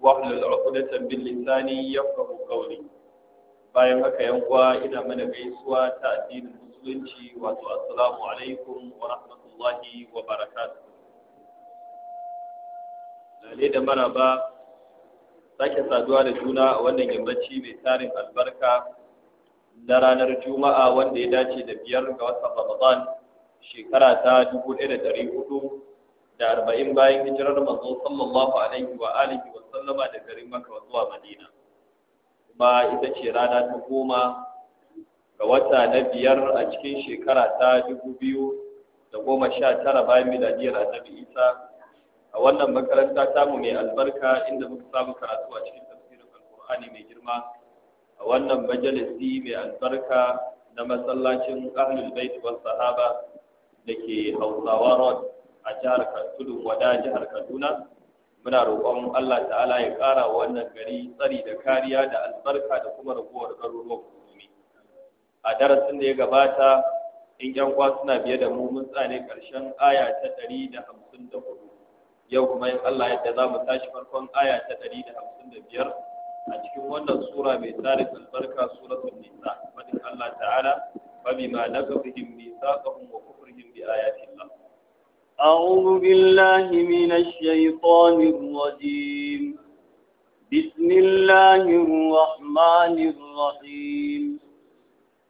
wahlul bin bil lisani faru qawli bayan haka yan uwa ina mana gaisuwa ta addinin musulunci wato assalamu alaikum wa rahmatullahi wa barakatuh lalle da maraba sake saduwa da juna a wannan yammaci mai tarin albarka na ranar juma'a wanda ya dace da biyar ga watan ramadan shekara ta dubu ɗaya da ɗari hudu da arba'in bayan hijirar manzo sallallahu alaihi wa alihi wa sallama da garin Makka zuwa Madina kuma ita ce rana ta goma ga wata na biyar a cikin shekara ta dubu biyu da goma sha tara bayan miladiyar annabi Isa a wannan makaranta tamu mai albarka inda muka samu karatu a cikin tafsirin alkur'ani mai girma a wannan majalisi mai albarka na masallacin ahlul bait wal sahaba da ke hausawa road a jihar Kaduna wada jihar Kaduna muna roƙon Allah ta'ala ya ƙara wannan gari tsari da kariya da albarka da kuma raguwar garuruwan musulmi a darasin da ya gabata in yan kwa suna biye da mu mun tsane ƙarshen aya ta ɗari da hamsin da hudu yau kuma in Allah yadda za mu tashi farkon aya ta ɗari da hamsin da biyar a cikin wannan sura mai tarin albarka suratul nisa madin Allah ta'ala fa bima nakafihim mithaqahum wa kufrihim bi ayati Allah أعوذ بالله من الشيطان الرجيم بسم الله الرحمن الرحيم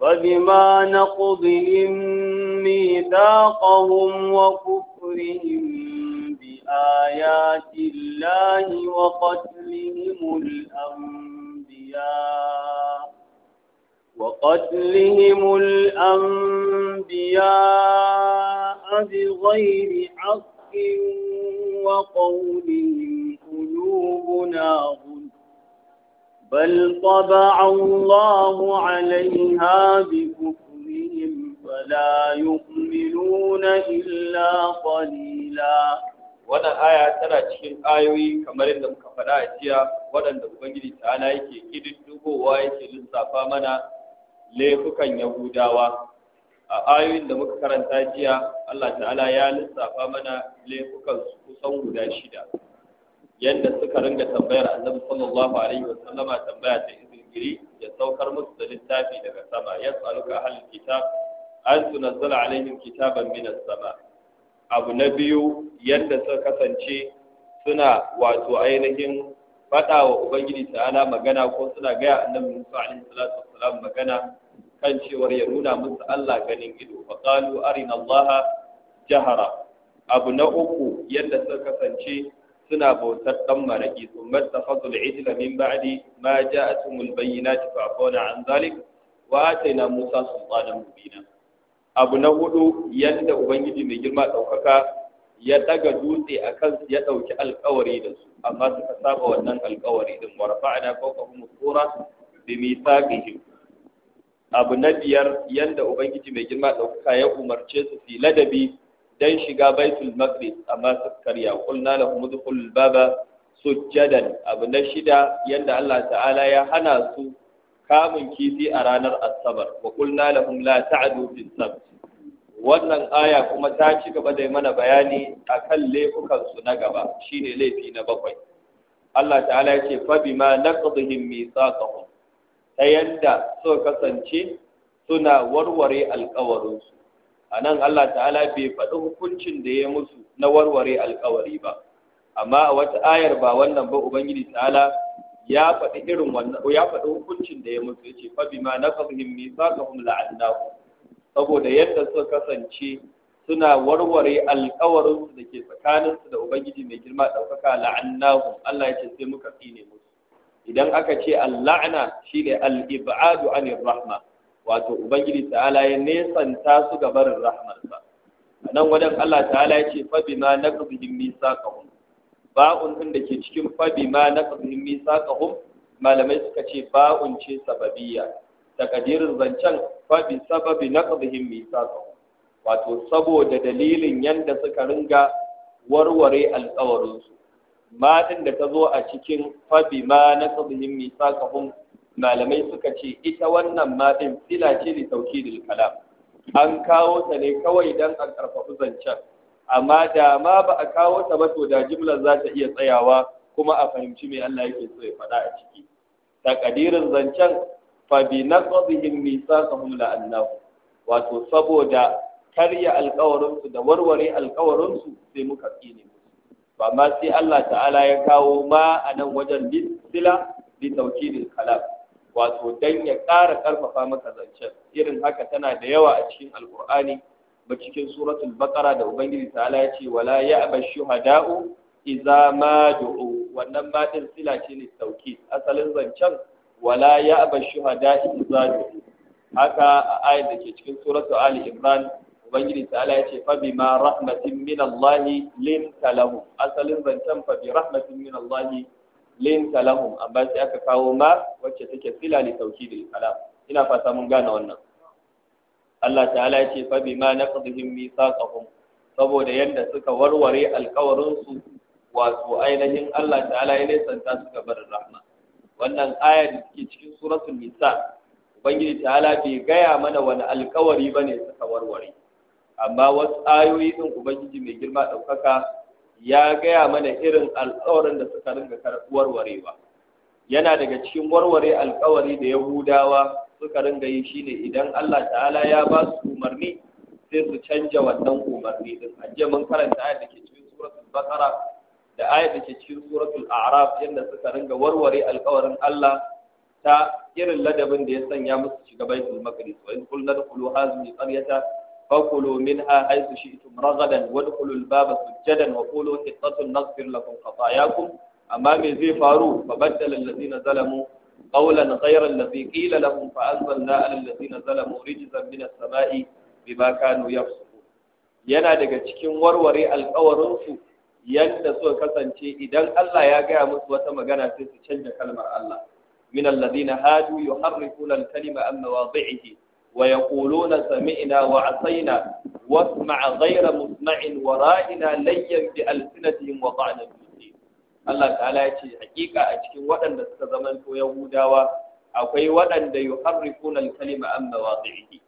فبما نقضهم ميثاقهم وكفرهم بآيات الله وقتلهم الأنبياء وقتلهم الأنبياء بغير حق وقولهم قلوبنا غلف بل طبع الله عليها بكفرهم فلا يؤمنون إلا قليلا wannan aya tana cikin ayoyi kamar yadda muka faɗa a jiya waɗanda ubangiji ta'ala yake kididdigowa yake lissafa mana laifukan yahudawa a ayoyin da muka karanta jiya Allah ta'ala ya lissafa mana laifukan su kusan guda shida yadda suka ringa tambayar annabi sallallahu alaihi wa sallama tambaya ta izingiri ya saukar musu da littafi daga sama ya tsaluka ahlul kitab an tunazzala alaihim kitaban minas sama abu na biyu yadda suka kasance suna wato ainihin faɗa wa ubangiji ta'ala magana ko suna gaya annabi musa alaihi salatu wassalam magana kan cewar ya nuna musu Allah ganin ido fa qalu arina Allah jahara abu na uku yadda suka kasance suna bautar dan maraki sun mattafazul ijla min ba'di ma ja'atumul bayyinatu fa an zalik wa atayna musa sultanan mubina abu na hudu yadda ubangiji mai girma daukaka ya daga dutse a kan ya ɗauki alkawari da su amma suka saba wannan alkawari din wa rafa'na fawqahum tura bi mithaqihim abu na biyar yanda ubangiji mai girma ɗauka ya umarce su fi ladabi dan shiga baitul maqdis amma su karya qulna lahum udkhulul baba sujjadan abu na shida yanda Allah ta'ala ya hana su kamun kifi a ranar asabar wa qulna lahum la ta'du fis sabt wannan aya kuma ta ci gaba da mana bayani kan laifukan su na gaba shi ne laifi na bakwai Allah ta'ala ya ce fa bima sa mithaqahum ta yadda so kasance suna warware alƙawarin su nan Allah ta'ala bai faɗi hukuncin da ya musu na warware alƙawari ba amma a wata ayar ba wannan ba ubangiji ta'ala ya faɗi irin wannan ya faɗi hukuncin da ya musu yace fa bima naqdihim mithaqahum la'annahum saboda yadda suka kasance suna warware alkawarinsu da ke tsakaninsu da ubangiji mai girma ɗaukaka la'annahum Allah ya ce sai muka tsine mu idan aka ce al shine al-ib'adu anir rahma wato ubangiji ta'ala ya nesanta su ga barin rahmarsa nan wajen Allah ta'ala ya ce fa bima naqdihim misaqahum ba'un din da ke cikin fa bima naqdihim misaqahum malamai suka ce ba'un ce sababiyya takadirin zancen fa na sababi wato saboda dalilin yadda suka ringa warware alƙawarinsu matan da ta zo a cikin na bi ma naqdihim mithaqahum malamai suka ce ita wannan matan fila ce sauki da kalam an kawo ta ne kawai don a karfafi zancen amma da ma ba a kawo ta ba to da jimlar za ta iya tsayawa kuma a fahimci me Allah yake so ya faɗa a ciki ƙadirin zancen fa bi naqdihim mithaqahum allah wato saboda karya alƙawarin su da warware alkawarinsu su sai muka tsine musu to sai Allah ta'ala ya kawo ma a nan wajen bisila bi tawkidil kalam wato dan ya ƙara ƙarfafa maka zancen irin haka tana da yawa a cikin alkur'ani ba cikin suratul baqara da ubangiji ta'ala ya ce wala ya'ba shuhada'u idza ma du'u wannan ma din sila ce ne tawkid asalin zancen wala ya aba shuhada izadu haka a ayat da ke cikin suratu ali imran ubangiji ta'ala ya ce fa bima rahmatin min allah lin talahum asalin zancen fa bi rahmatin min allah lin talahum amma sai aka kawo ma wacce take sila li tawkidil kalam ina fata mun gane wannan Allah ta'ala ya ce fa bima naqdihim mithaqahum saboda yadda suka warware alƙawarin su, wato ainihin Allah ta'ala ya nesanta su gabar rahma wannan aya da suke cikin suratul nisa ubangiji ta'ala bai gaya mana wani alkawari bane suka warware amma wasu ayoyi din ubangiji mai girma ɗaukaka ya gaya mana irin alkawarin da suka ringa warwarewa yana daga cikin warware alkawari da yahudawa suka ringa yi shine idan Allah ta'ala ya ba su umarni sai su canja wannan umarni din ajiya mun karanta ayat da ke cikin suratul baqara da ayat da ke cikin suratul a'raf yadda suka ringa warware alkawarin Allah ta irin ladabin da ya sanya musu shiga baitul maqdis wa in qulna dkhulu hadhihi qaryata fakulu minha haythu shi'tum ragadan wadkhulu al-baba sujadan wa qulu hitatun naghfir lakum khatayakum amma me zai faru fa baddala allazina zalamu qawlan ghayra allazi qila lahum fa anzalna ala zalamu rijzan min as-sama'i bima kanu yafsukun yana daga cikin warware alkawarin su yadda suka kasance idan Allah ya gaya musu wata magana sai su canja kalmar Allah min alladhina hadu yuharrifuna al-kalima an mawadhi'ihi wa yaquluna sami'na wa 'asayna wasma' ghayra musma'in wa ra'ina layyan bi alsinatihim wa qa'na Allah ta'ala ya ce hakika a cikin waɗanda suka zamanto Yahudawa akwai waɗanda yuharrifuna al-kalima an mawadhi'ihi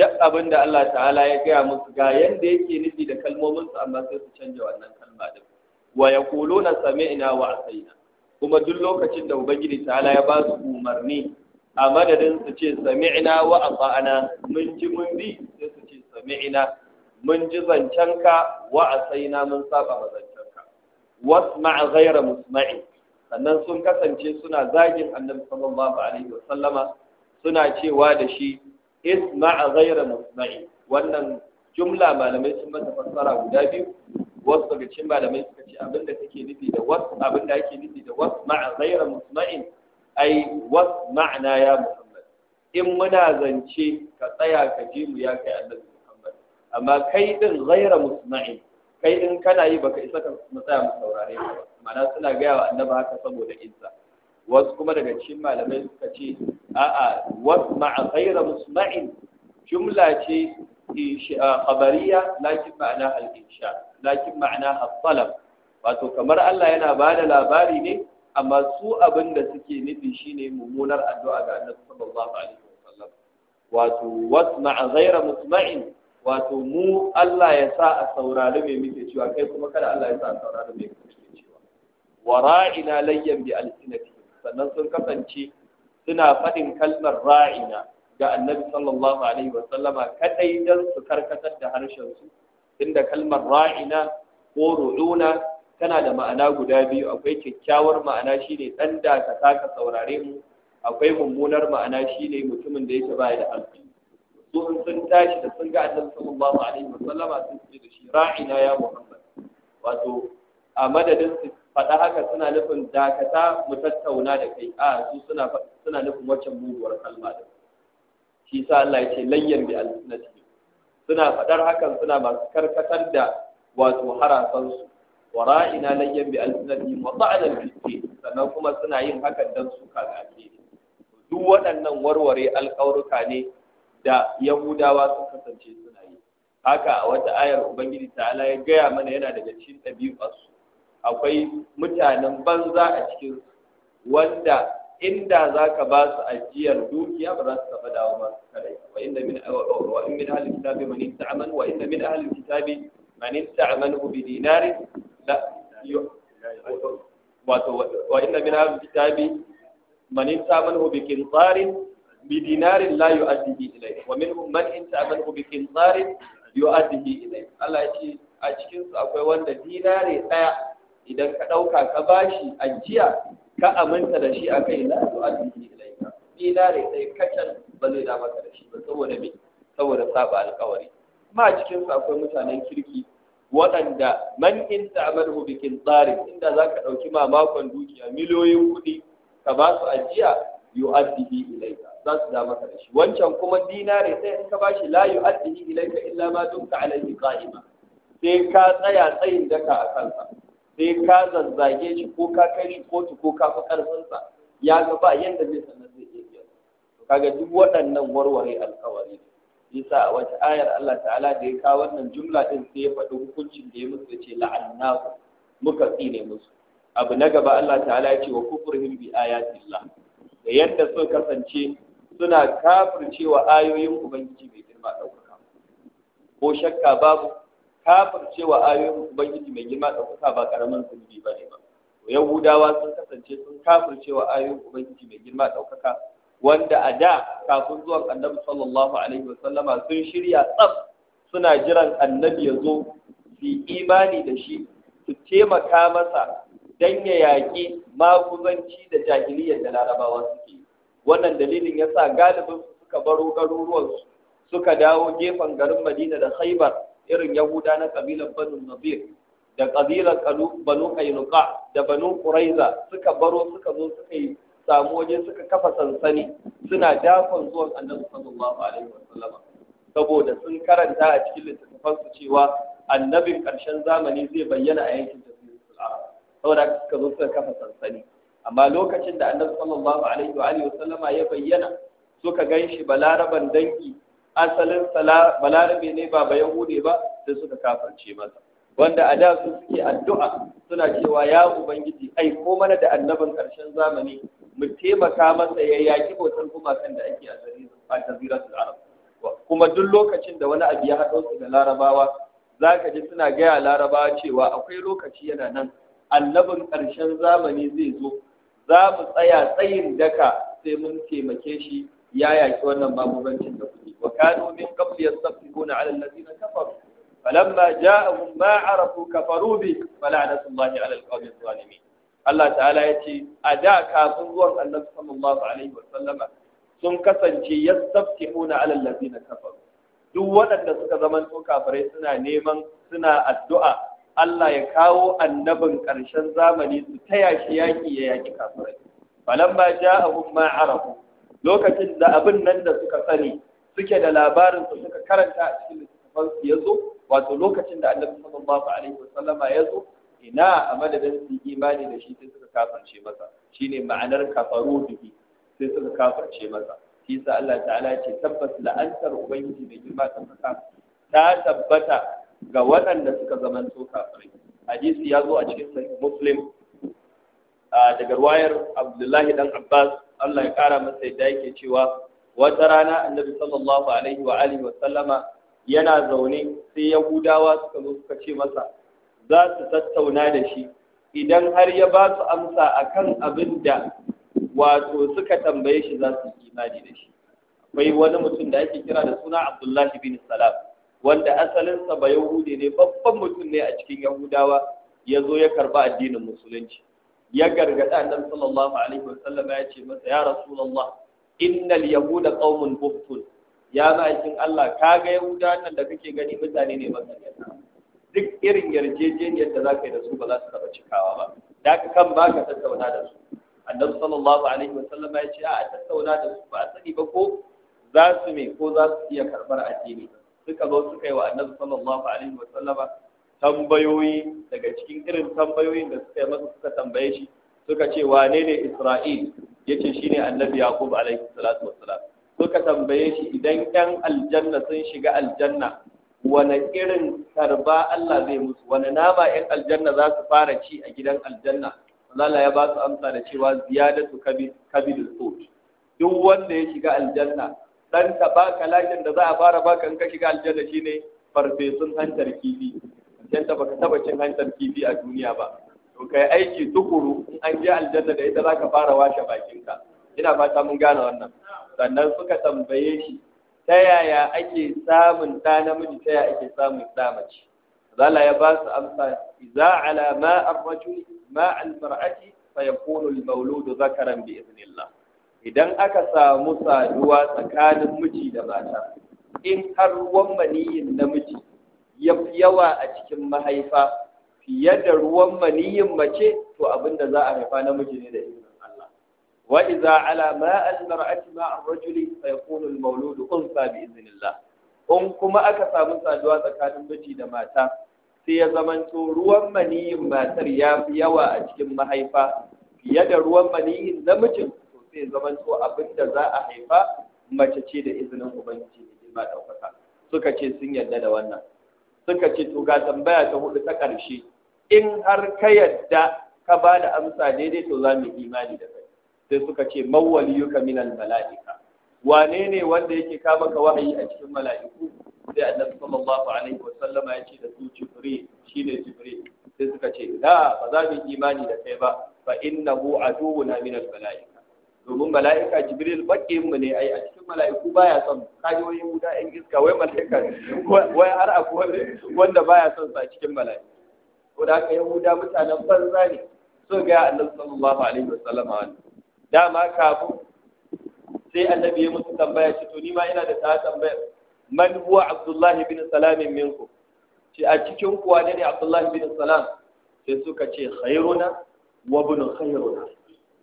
duk abin da Allah ta'ala ya gaya musu ga yanda yake nufi da kalmominsu amma sai su canja wannan kalma din wa yaquluna sami'na wa asaina kuma duk lokacin da ubangiji ta'ala ya ba su umarni a madadin su ce sami'na wa asana mun ji mun bi sai su ce sami'na mun ji ka wa asaina mun saba ma ka. wasma' ghayra musma'i sannan sun kasance suna zagin annabi sallallahu alaihi wasallama suna cewa da shi isma'a ghayra musma'i wannan jumla malamai sun mata fassara guda biyu wasu daga cikin malamai suka ce abinda take nufi da wasu abinda ake nufi da wasu ma'a ghayra musma'in ai wasu ma'ana ya muhammad in muna zance ka tsaya ka ji mu ya kai annabi muhammad amma kai din ghayra musma'in kai din kana yi baka isa ka mu tsaya mu saurare ka ma'ana suna gaya wa annabi haka saboda izza wasu kuma daga cikin malamai suka ce a'a wa ma'a ghayra musma'in jumla ce khabariya lakin ma'ana al-insha lakin ma'ana al wato kamar Allah yana ba da labari ne amma su abin da suke nufi shine mummunar addu'a ga Annabi sallallahu alaihi wasallam wato wasma ghayra musma'in wato mu Allah ya sa a saurari mai muke cewa kai kuma kada Allah ya sa a saurari mai muke cewa wara'ina layyan bi alsinati sannan sun kasance suna faɗin kalmar ra'ina ga annabi sallallahu alaihi wa sallama kadai dan su karkatar da harshen su inda kalmar ra'ina ko ru'una tana da ma'ana guda biyu akwai kyakkyawar ma'ana shine dan da ka saka saurare mu akwai mummunar ma'ana shine mutumin da yake baya da alƙi su sun tashi da sun ga annabi sallallahu alaihi wa sallama sun ce da shi ra'ina ya muhammad wato a madadin su faɗa haka suna nufin dakata mu tattauna da kai a su suna suna nufin waccan muguwar kalma da shi sa Allah ya ce layyan bi alsinati suna faɗar hakan suna masu karkatar da wato harasan su wa ra'ina layyan bi alsinati wa ta'ala fi sannan kuma suna yin hakan dan su kakace duk waɗannan warware alƙaurka ne da Yahudawa sun kasance suna yi haka a wata ayar Ubangiji ta'ala ya gaya mana yana daga cikin ɗabi'arsu akwai mutanen banza a cikin wanda inda za ka ba su ajiyar dukiya ba za su taɓa dawo ba su kadai wa inda min wa in min ahlil kitabi man ista'man wa inda min ahlil kitabi man ista'man bi dinarin la wato wa inda min ahlil kitabi man ista'man bi qintarin bi dinarin la yu'addihi ilayhi wa minhum man ista'man bi qintarin yu'addihi ilayhi Allah ya ce a cikin su akwai wanda dinare daya idan ka ɗauka ka bashi ajiya ka aminta da shi a kai la to addini ilaika rai sai kacal ba zai da maka da shi ba saboda me saboda saba alƙawari kuma a cikin su akwai mutanen kirki waɗanda man in ta'amalu bikin tsarin inda za ka ɗauki ma makon dukiya miliyoyin kuɗi ka ba su ajiya yu'addihi ilayka za su da maka shi wancan kuma dinare sai in ka bashi la yu'addihi ilayka illa ma dumta alayhi qa'ima sai ka tsaya tsayin daka a kansa sai ka zazzage shi ko ka kai shi kotu ko ka fi ƙarfinsa ya ga ba yadda zai sanar zai iya biya kaga duk waɗannan warware alƙawari yasa a wata ayar Allah ta'ala da ya kawo wannan jumla din sai ya faɗi hukuncin da ya musu ya ce la'annahu muka tsine musu abu na gaba Allah ta'ala ya ce wa kufurhim bi ayatillah da yadda sun kasance suna kafircewa ayoyin ubangiji mai girma ɗaukaka ko shakka babu cewa ayoyin ubangiji mai girma da kuka ba karamin zunubi ba ne ba yahudawa sun kasance sun cewa ayoyin ubangiji mai girma ɗaukaka wanda a da kafin zuwan annabi sallallahu alaihi wa sallama sun shirya tsaf suna jiran annabi ya zo su imani da shi su taimaka masa dan ya yaƙi maguzanci da jahiliyyar da larabawa suke wannan dalilin yasa galibin suka baro garuruwansu suka dawo gefen garin madina da khaibar irin yahuda na ƙabilar banu nazir da ƙabilar banu kainuka da banu quraiza suka baro suka zo suka yi samu waje suka kafa sansani suna dakon zuwan annabi sallallahu alaihi Sallama. saboda sun karanta a cikin littattafan su cewa annabin karshen zamani zai bayyana a yankin da tafsirul arab saboda suka zo suka kafa sansani amma lokacin da annabi sallallahu alaihi wa alihi Sallama ya bayyana suka ganshi balaraban dangi asalin balarabe ne ba ba yahude ba sai suka kafarce masa wanda a da su suke addu'a suna cewa ya ubangiji ai ko mana da annabin karshen zamani mu taimaka masa ya yaki bautar gumakan da ake a su arab kuma duk lokacin da wani abu ya haɗo su da larabawa za ka ji suna gaya larabawa cewa akwai lokaci yana nan annabin karshen zamani zai zo za mu tsaya tsayin daka sai mun taimake shi ya yaki wannan mamugancin da kuke wa kanu min qabli yastafihuna ala allazina kafaru falamma ja'ahum ma arafu kafaru bi fala'natullahi ala alqawmi zalimin Allah ta'ala ya ce a da kafin zuwan Allah sallallahu alaihi wa sallama sun kasance yastaftihuna ala allazina kafaru duk waɗanda suka zaman to kafirai suna neman suna addu'a Allah ya kawo annabin ƙarshen zamani su ta shi yaƙi ya yaƙi kafirai falamma ja'ahum ma arafu lokacin da abin nan da suka sani suke da labarin su suka karanta a cikin littattafan su yazo wato lokacin da Annabi sallallahu alaihi wasallama yazo ina a madadin su imani da shi sai suka kafirce masa shine ma'anar kafaru bihi sai suka kafirce masa shi sa Allah ta'ala ce tabbas la'antar ubangiji da girma ta saka ta tabbata ga waɗanda suka zamanto kafirai hadisi ya zo a cikin sahih muslim daga ruwayar abdullahi dan abbas Allah ya kara masa yadda yake cewa wata rana annabi sallallahu alaihi wa alihi wa sallama yana zaune sai yahudawa suka zo suka ce masa za su tattauna da shi idan har ya ba su amsa akan abin da wato suka tambaye shi za su yi imani da shi akwai wani mutum da ake kira da suna Abdullahi bin Salam wanda asalinsa ba Yahudi ne babban mutum ne a cikin Yahudawa ya zo ya karba addinin musulunci ya gargada annabi sallallahu alaihi wasallam ya ce masa ya rasulullah innal yahuda qaumun buhtun ya ma'aikin Allah ka ga yahuda nan da kake gani mutane ne makariyata duk irin yarjejeniyar da zaka yi da su ba za su taba cikawa ba da ka kan ba ka tattauna da su annabi sallallahu alaihi wasallam ya ce a tattauna da su ba a sani ba ko za su me ko za su iya karbar addini suka zo suka yi wa annabi sallallahu alaihi wasallama tambayoyi daga cikin irin tambayoyin da suka yi masa suka tambaye shi suka ce wane ne Isra'il shi ne Annabi Yaqub alaihi salatu wassalam suka tambaye shi idan 'yan aljanna sun shiga aljanna wane irin karba Allah zai musu wane nama 'yan aljanna za su fara ci a gidan aljanna Allah ya ba su amsa da cewa ziyadatu kabidul sut duk wanda ya shiga aljanna dan ta lakin da za a fara baka in ka shiga aljanna shine farfesun hantar kifi yadda baka taba cin hantar kifi a duniya ba to kai aiki tukuru in an je aljanna da ita zaka fara washe bakinka ina fata mun gane wannan sannan suka tambaye shi ta yaya ake samun da namiji ta yaya ake samun da mace zala ya ba su amsa iza ala ma arrajul ma al mar'ati fa yakunu al mawlud zakaran bi idnillah idan aka samu saduwa tsakanin miji da mata in har ruwan maniyin namiji ya fi yawa a cikin mahaifa fiye da ruwan maniyin mace to abin da za a haifa namiji ne da izinin Allah wa iza ala ma al ma ar rajuli fa yakunu al mawlud unsa bi iznillah in kuma aka samu saduwa tsakanin miji da mata sai ya zamanto ruwan maniyin matar ya fi yawa a cikin mahaifa fiye da ruwan maniyin namijin to sai zamanto abin da za a haifa mace ce da izinin ubangiji ne ba daukaka suka ce sun yarda da wannan suka ce to ga tambaya ta hudu ta ƙarshe in har ka yadda ka ba da amsa daidai to za mu imani da kai sai suka ce mawwaliyuka minal mala'ika wane ne wanda yake ka maka wahayi a cikin mala'iku sai annabi sallallahu alaihi wa sallama ya ce da su jibril shine jibril sai suka ce la ba za mu imani da kai ba fa innahu aduwwuna minal mala'ika domin mala'ika jibril bakin mu ne ai a cikin mala'iku baya son kayoyin guda yan iska wai mala'ika wai har akwai wanda baya son sa cikin mala'iku ko da haka yahuda mutanen banza ne so ga annabi sallallahu alaihi wasallam dama kafin sai annabi ya musu tambaya ce to ni ma ina da ta tambaya man huwa abdullahi bin salam minku. ce a cikin kuwa ne abdullahi bin salam sai suka ce khairuna wa bin khairuna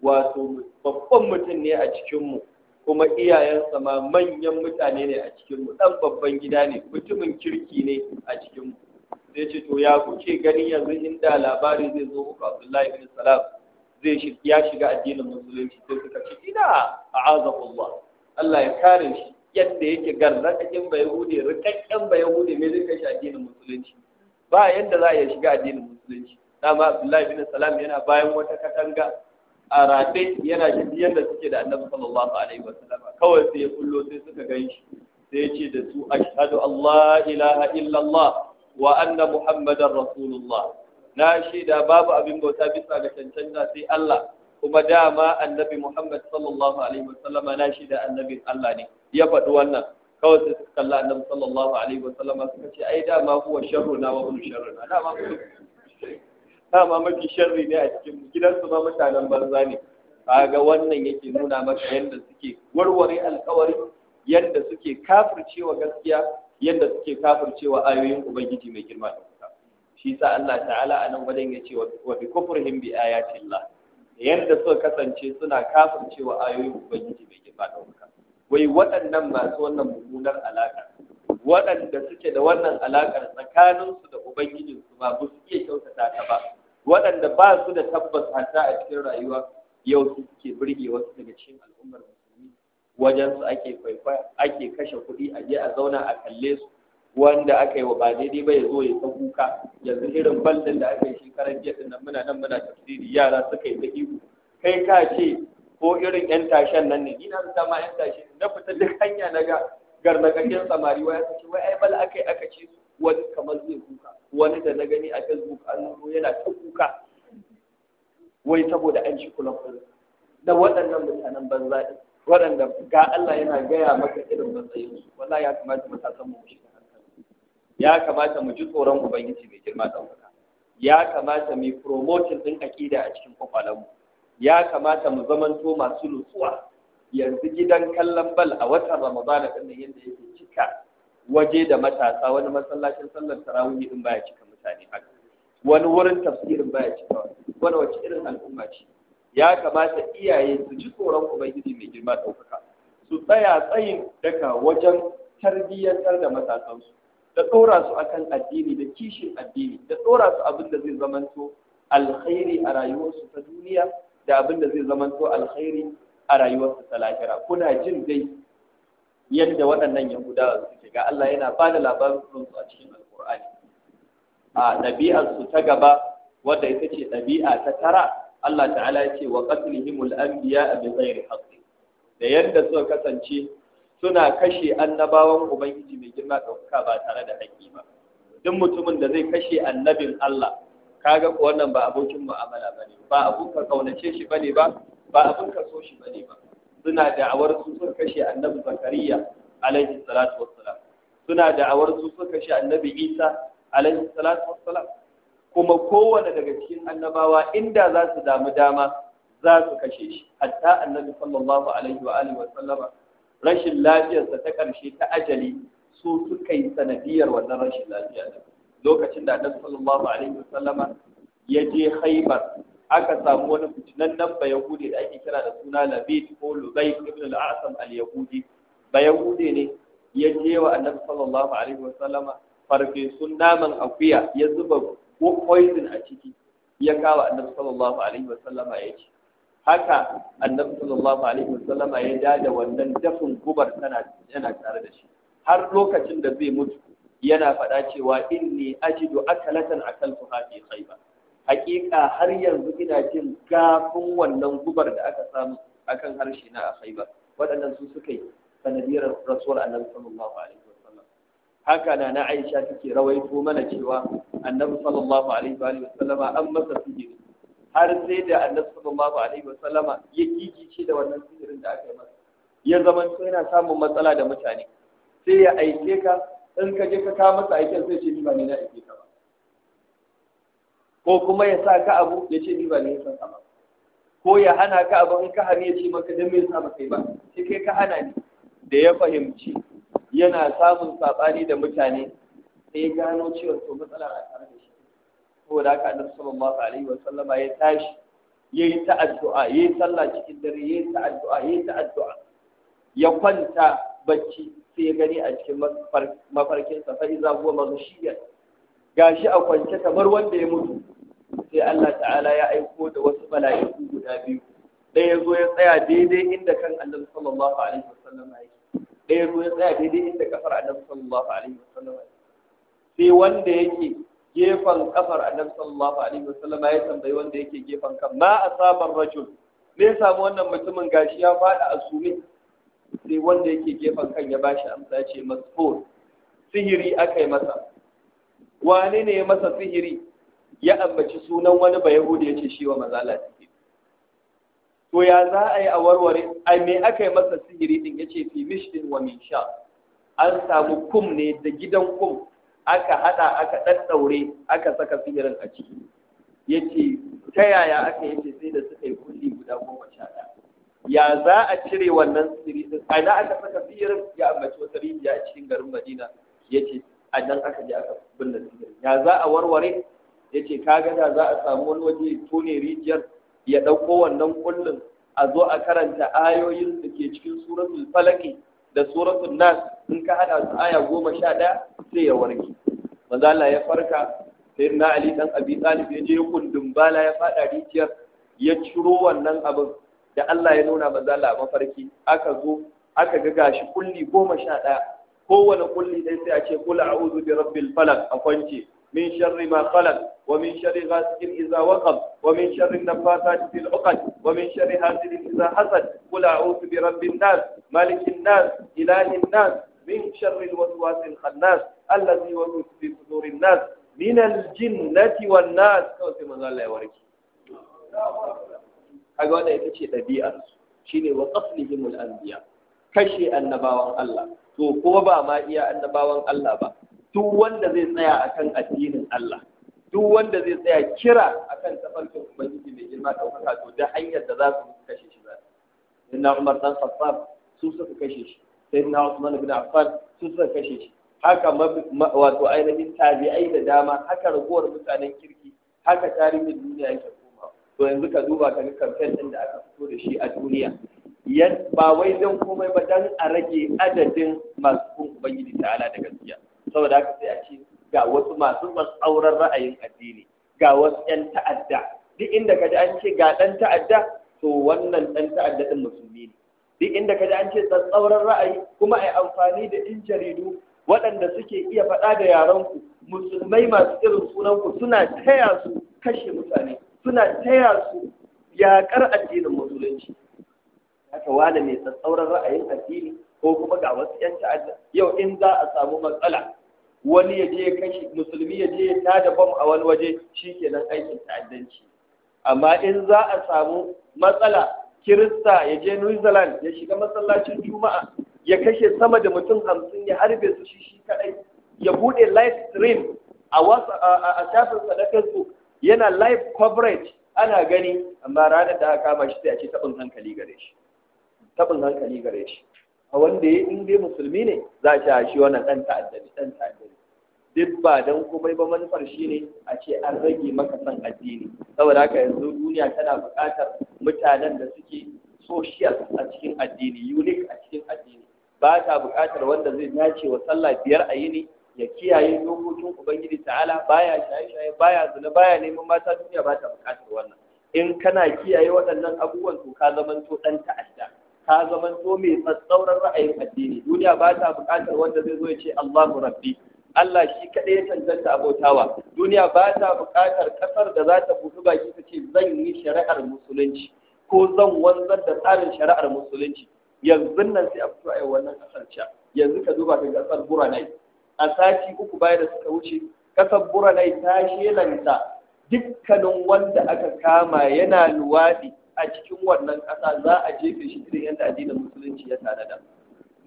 wato babban mutum ne a cikinmu kuma iyayensa ma manyan mutane ne a cikinmu ɗan babban gida ne mutumin kirki ne a cikinmu sai ce to ya kuke gani yanzu inda labari zai zo ku abdullahi bin salam zai ya shiga addinin musulunci sai suka ce ina a'azakullah Allah ya kare shi yadda yake garzaƙaƙin bai hude rikakken bai hude me zai kai addinin musulunci ba yadda za a iya shiga addinin musulunci dama abdullahi bin salam yana bayan wata katanga a rafe yana bibiyar da suke da annabi sallallahu alaihi wasallam kawai sai ya kullo sai suka ganshi sai ya ce da su ashhadu allah ilaha illallah wa anna muhammadar rasulullah na shaida babu abin bauta bisa ga cancanta sai Allah kuma dama annabi Muhammad sallallahu alaihi wasallama na shaida annabin Allah ne ya faɗi wannan kawai sai suka kalli annabi sallallahu alaihi wasallama suka ce ai dama huwa sharruna wa hum sharruna dama dama mafi sharri ne a cikin gidansu ma mutanen banza ne kaga wannan yake nuna maka yadda suke warware alkawari yadda suke kafircewa gaskiya yadda suke kafircewa ayoyin ubangiji mai girma da kuka shi sa Allah ta'ala a nan wajen ya ce wa bi kufrihim bi ayatillah yadda suka kasance suna kafircewa ayoyin ubangiji mai girma da kuka wai waɗannan masu wannan mummunar alaka waɗanda suke da wannan alakar tsakaninsu da ubangijinsu ba su iya kyautata ta ba waɗanda ba su da tabbas hata a cikin rayuwa yau su ke birge wasu daga cikin al'ummar musulmi wajen su ake kwaikwaya ake kashe kuɗi a je a zauna a kalle su wanda aka yi wa ba daidai ba ya zo ya ta kuka yanzu irin baldin da aka yi shekaran jiya din nan muna nan muna tafsiri yara suka yi ta ihu kai ka ce ko irin yan tashen nan ne ni na fita ma yan tashe na fita duk hanya na ga garnakakken samari waya ta ce wai ai bal aka yi aka ce su wani kamar zai kuka wani da na gani a facebook an nuno yana ta kuka wai saboda an shi kula kula da waɗannan mutanen banza ɗin waɗanda ga Allah yana gaya maka irin matsayin su wallahi ya kamata matasan mu shi ya kamata mu ji tsoron ubangiji mai girma ɗaukaka ya kamata mu yi promoting ɗin aƙida a cikin mu ya kamata mu zamanto masu nutsuwa yanzu gidan kallon bal a watan ramadana ɗin yadda yake cika waje da matasa wani masallacin sallar tarawih din baya cika mutane haka wani wurin tafsirin baya cika wani wace irin al'umma ce ya kamata iyaye su ji tsoron ubangiji mai girma ɗaukaka su tsaya tsayin daga wajen tarbiyyantar da matasansu da ɗora su akan addini da kishin addini da ɗora su abin da zai zamanto alkhairi a rayuwarsu ta duniya da abin da zai zamanto alkhairi a rayuwarsu ta lahira kuna jin dai yadda waɗannan yahudawa suke ga Allah yana ba da labarin su a cikin alkur'ani a ɗabi'ar ta gaba wadda ita ce ɗabi'a ta tara Allah ta'ala ya ce wa qatlihimul anbiya bi ghairi haqqi da yadda suka kasance suna kashe annabawan ubangiji mai girma kuka ba tare da haƙƙi ba duk mutumin da zai kashe annabin Allah kaga wannan ba abokin mu'amala bane ba abun ka kaunace shi bane ba ba abun ka so shi bane ba suna da'awar su suka kashe annabi zakariya alaihi salatu wassalam suna da'awar su suka kashe annabi isa alaihi salatu wassalam kuma kowane daga cikin annabawa inda za su damu dama za su kashe shi hatta annabi sallallahu alaihi wa alihi wasallama rashin lafiyarsa ta ƙarshe ta ajali su suka yi sanadiyar wannan rashin lafiya lokacin da annabi sallallahu alaihi wasallama ya je haibar aka samu wani fitinannen bayahudi da ake kira da suna labid ko lubai ibn al-asam al-yahudi bayahudi ne ya je wa annabi sallallahu alaihi wa sallama farfesun naman akuya ya zuba ko poison a ciki ya kawo annabi sallallahu alaihi wa sallama ya ci haka annabi sallallahu alaihi wa sallama ya dada wannan dafin gubar tana yana tare da shi har lokacin da zai mutu yana faɗa cewa inni ajidu akalatan akaltuha fi khaybar hakika har yanzu ina jin gafin wannan gubar da aka samu akan harshe na a haiba waɗannan su suka yi sanadiyar rasuwar annabi sallallahu alaihi wasallam haka na na aisha take rawaito mana cewa annabi sallallahu alaihi wasallama an masa sihiri har sai da annabi sallallahu alaihi wasallama sallama ya gigice da wannan sihirin da aka yi masa ya zama yana samun matsala da mutane sai ya aike ka in ka je ka kawo masa aikin sai ce ni ba ne na aike ka ko kuma ya sa ka abu ya ce ni ba ne san ba ko ya hana ka abu in ka hane ya ce maka dan me yasa ba kai ba sai kai ka hana ni da ya fahimci yana samun sabani da mutane sai ya gano cewa to matsalar a tare da shi saboda haka annabi sallallahu alaihi wa sallama ya tashi yayi ta addu'a yayi sallah cikin dare yayi ta addu'a yayi ta addu'a ya kwanta bacci sai ya gani a cikin mafarkinsa fa iza huwa maghshiyan gashi a kwance kamar wanda ya mutu sai Allah ta'ala ya aiko da wasu mala'iku guda biyu ɗaya zo ya tsaya daidai inda kan annabi sallallahu alaihi wasallam yake ɗaya zo ya tsaya daidai inda kafar annabi sallallahu alaihi wasallam yake sai wanda yake gefen kafar annabi sallallahu alaihi wasallam ya tambayi wanda yake gefen kan ma asabar rajul me ya samu wannan mutumin gashi ya fada a sume. sai wanda yake gefen kan ya bashi amsa ce masfur sihiri aka yi masa wane ne ya masa sihiri ya ambaci sunan wani ba yahudi ya ce shi wa mazala take. to ya za a yi a warware a me aka yi masa sihiri din yace fi mishin wa min sha an samu kum ne da gidan kum aka hada aka daddaure aka saka sihirin a ciki yace ta yaya aka yace sai da suka yi kulli guda goma sha ya za a cire wannan sihiri din a na aka saka sihirin ya ambaci wata rijiya a cikin garin Madina yace a nan aka je aka binne sihirin ya za a warware ya ce kaga da za a samu wani waje tone rijiyar ya ɗauko wannan kullum a zo a karanta ayoyin da ke cikin suratul falaki da suratul nas in ka hada su aya goma sha ɗaya sai ya warke Mazala ya farka sai na Ali dan Abi Talib ya je kundin bala ya faɗa rijiyar ya ciro wannan abin da Allah ya nuna Mazala mafarki aka zo aka ga gashi kulli goma sha ɗaya kowane kulli dai sai a ce kula a'udhu bi rabbil falaq a kwance من شر ما خلق ومن شر غاسق إذا وقب ومن شر النفاثات في العقد ومن شر حاسد إذا حسد قل أعوذ برب الناس مالك الناس إله الناس من شر الوسواس الخناس الذي يوسوس في صدور الناس من الجنة والناس kawai sai manzo Allah ya warke kaga wannan ita ce ɗabi'ar shine wa qaslihimul anbiya kashe annabawan Allah to ko ba ma iya annabawan Allah ba duk wanda zai tsaya a kan addinin Allah duk wanda zai tsaya kira a kan tafarkin ubangiji mai girma ɗaukaka to da hanyar da za su kashe shi ba sai na Umar dan Khattab su suka kashe shi sai na Usman ibn Affan su suka kashe shi haka wato ainihin tabi'ai da dama haka raguwar mutanen kirki haka tarihin duniya yake koma to yanzu ka duba ka ga kamfen ɗin da aka fito da shi a duniya ba wai don komai ba don a rage adadin masu kun ubangiji ta'ala da gaskiya saboda haka sai a ce ga wasu masu matsauran ra'ayin addini ga wasu 'yan ta'adda duk inda ka ji an ce ga ɗan ta'adda to wannan ɗan ta'adda ɗin musulmi ne duk inda ka ji an ce tsatsauran ra'ayi kuma a yi amfani da ɗin jaridu waɗanda suke iya faɗa da yarenku musulmai masu irin sunanku suna taya su kashe mutane suna taya su yaƙar addinin musulunci haka wani mai tsatsauran ra'ayin addini ko kuma ga wasu 'yan ta'adda yau in za a samu matsala wani ya je kashi musulmi ya je ya da bom a wani waje shi nan aikin ta'addanci amma in za a samu matsala kirista ya je new zealand ya shiga masallacin juma'a ya kashe sama da mutum hamsin ya harbe su shi shi kadai ya bude live stream a wasu a shafin na yana live coverage ana gani amma ranar da aka kama shi sai a ce tabin hankali gare shi tabin hankali gare shi a wanda ya inda musulmi ne za a a shi wannan dan dan duk ba don komai ba manufar shine a ce an rage maka son addini saboda haka yanzu duniya tana buƙatar mutanen da suke social a cikin addini unique a cikin addini ba ta buƙatar wanda zai dace wa sallah biyar a yini ya kiyaye dokokin ubangiji ta'ala baya shaye-shaye baya zina baya neman mata duniya ba ta buƙatar wannan in kana kiyaye waɗannan abubuwan to ka to ɗan ta'adda ka to mai tsatsauran ra'ayin addini duniya ba ta buƙatar wanda zai zo ya ce Allahu rabbi Allah shi kaɗai ya cancanta abotawa duniya ba ta buƙatar ƙasar da za ta buɗi baki ta ce zan yi shari'ar musulunci ko zan wanzar da tsarin shari'ar musulunci yanzu nan sai a fito a yi wannan ƙasar ca yanzu ka duba ka ƙasar Buranai a sati uku baya da suka wuce ƙasar Buranai ta shelanta dukkanin wanda aka kama yana luwaɗi a cikin wannan ƙasa za a jefe shi irin yadda addinin musulunci ya tanada. da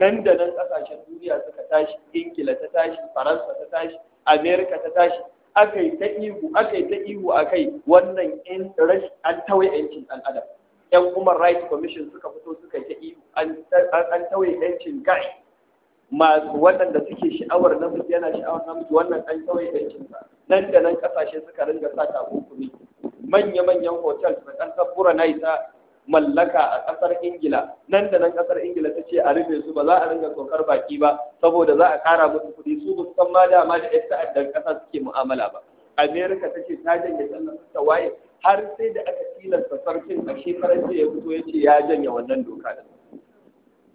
nan da nan ƙasashen duniya suka tashi ingila ta tashi faransa ta tashi amerika ta tashi aka yi ta ihu aka yi ta ihu a kai wannan in rashin an tawaye yancin ɗan adam yan human rights commission suka fito suka yi ta ihu an tawaye yancin kai masu waɗanda suke sha'awar namiji yana sha'awar namiji wannan an tawaye yancin sa nan da nan ƙasashe suka ringa sa takunkumi manya-manyan hotel da ɗan bura na isa mallaka a kasar ingila nan da nan kasar ingila ta ce a rufe su ba za a ringa kokar baki ba saboda za a ƙara musu kuɗi su ba san ma dama da yan ta'addar ƙasa suke mu'amala ba amerika ta ce ta janye tallafin ta waye har sai da aka tilasta sarkin a shekarar ya fito ya ce ya janye wannan doka da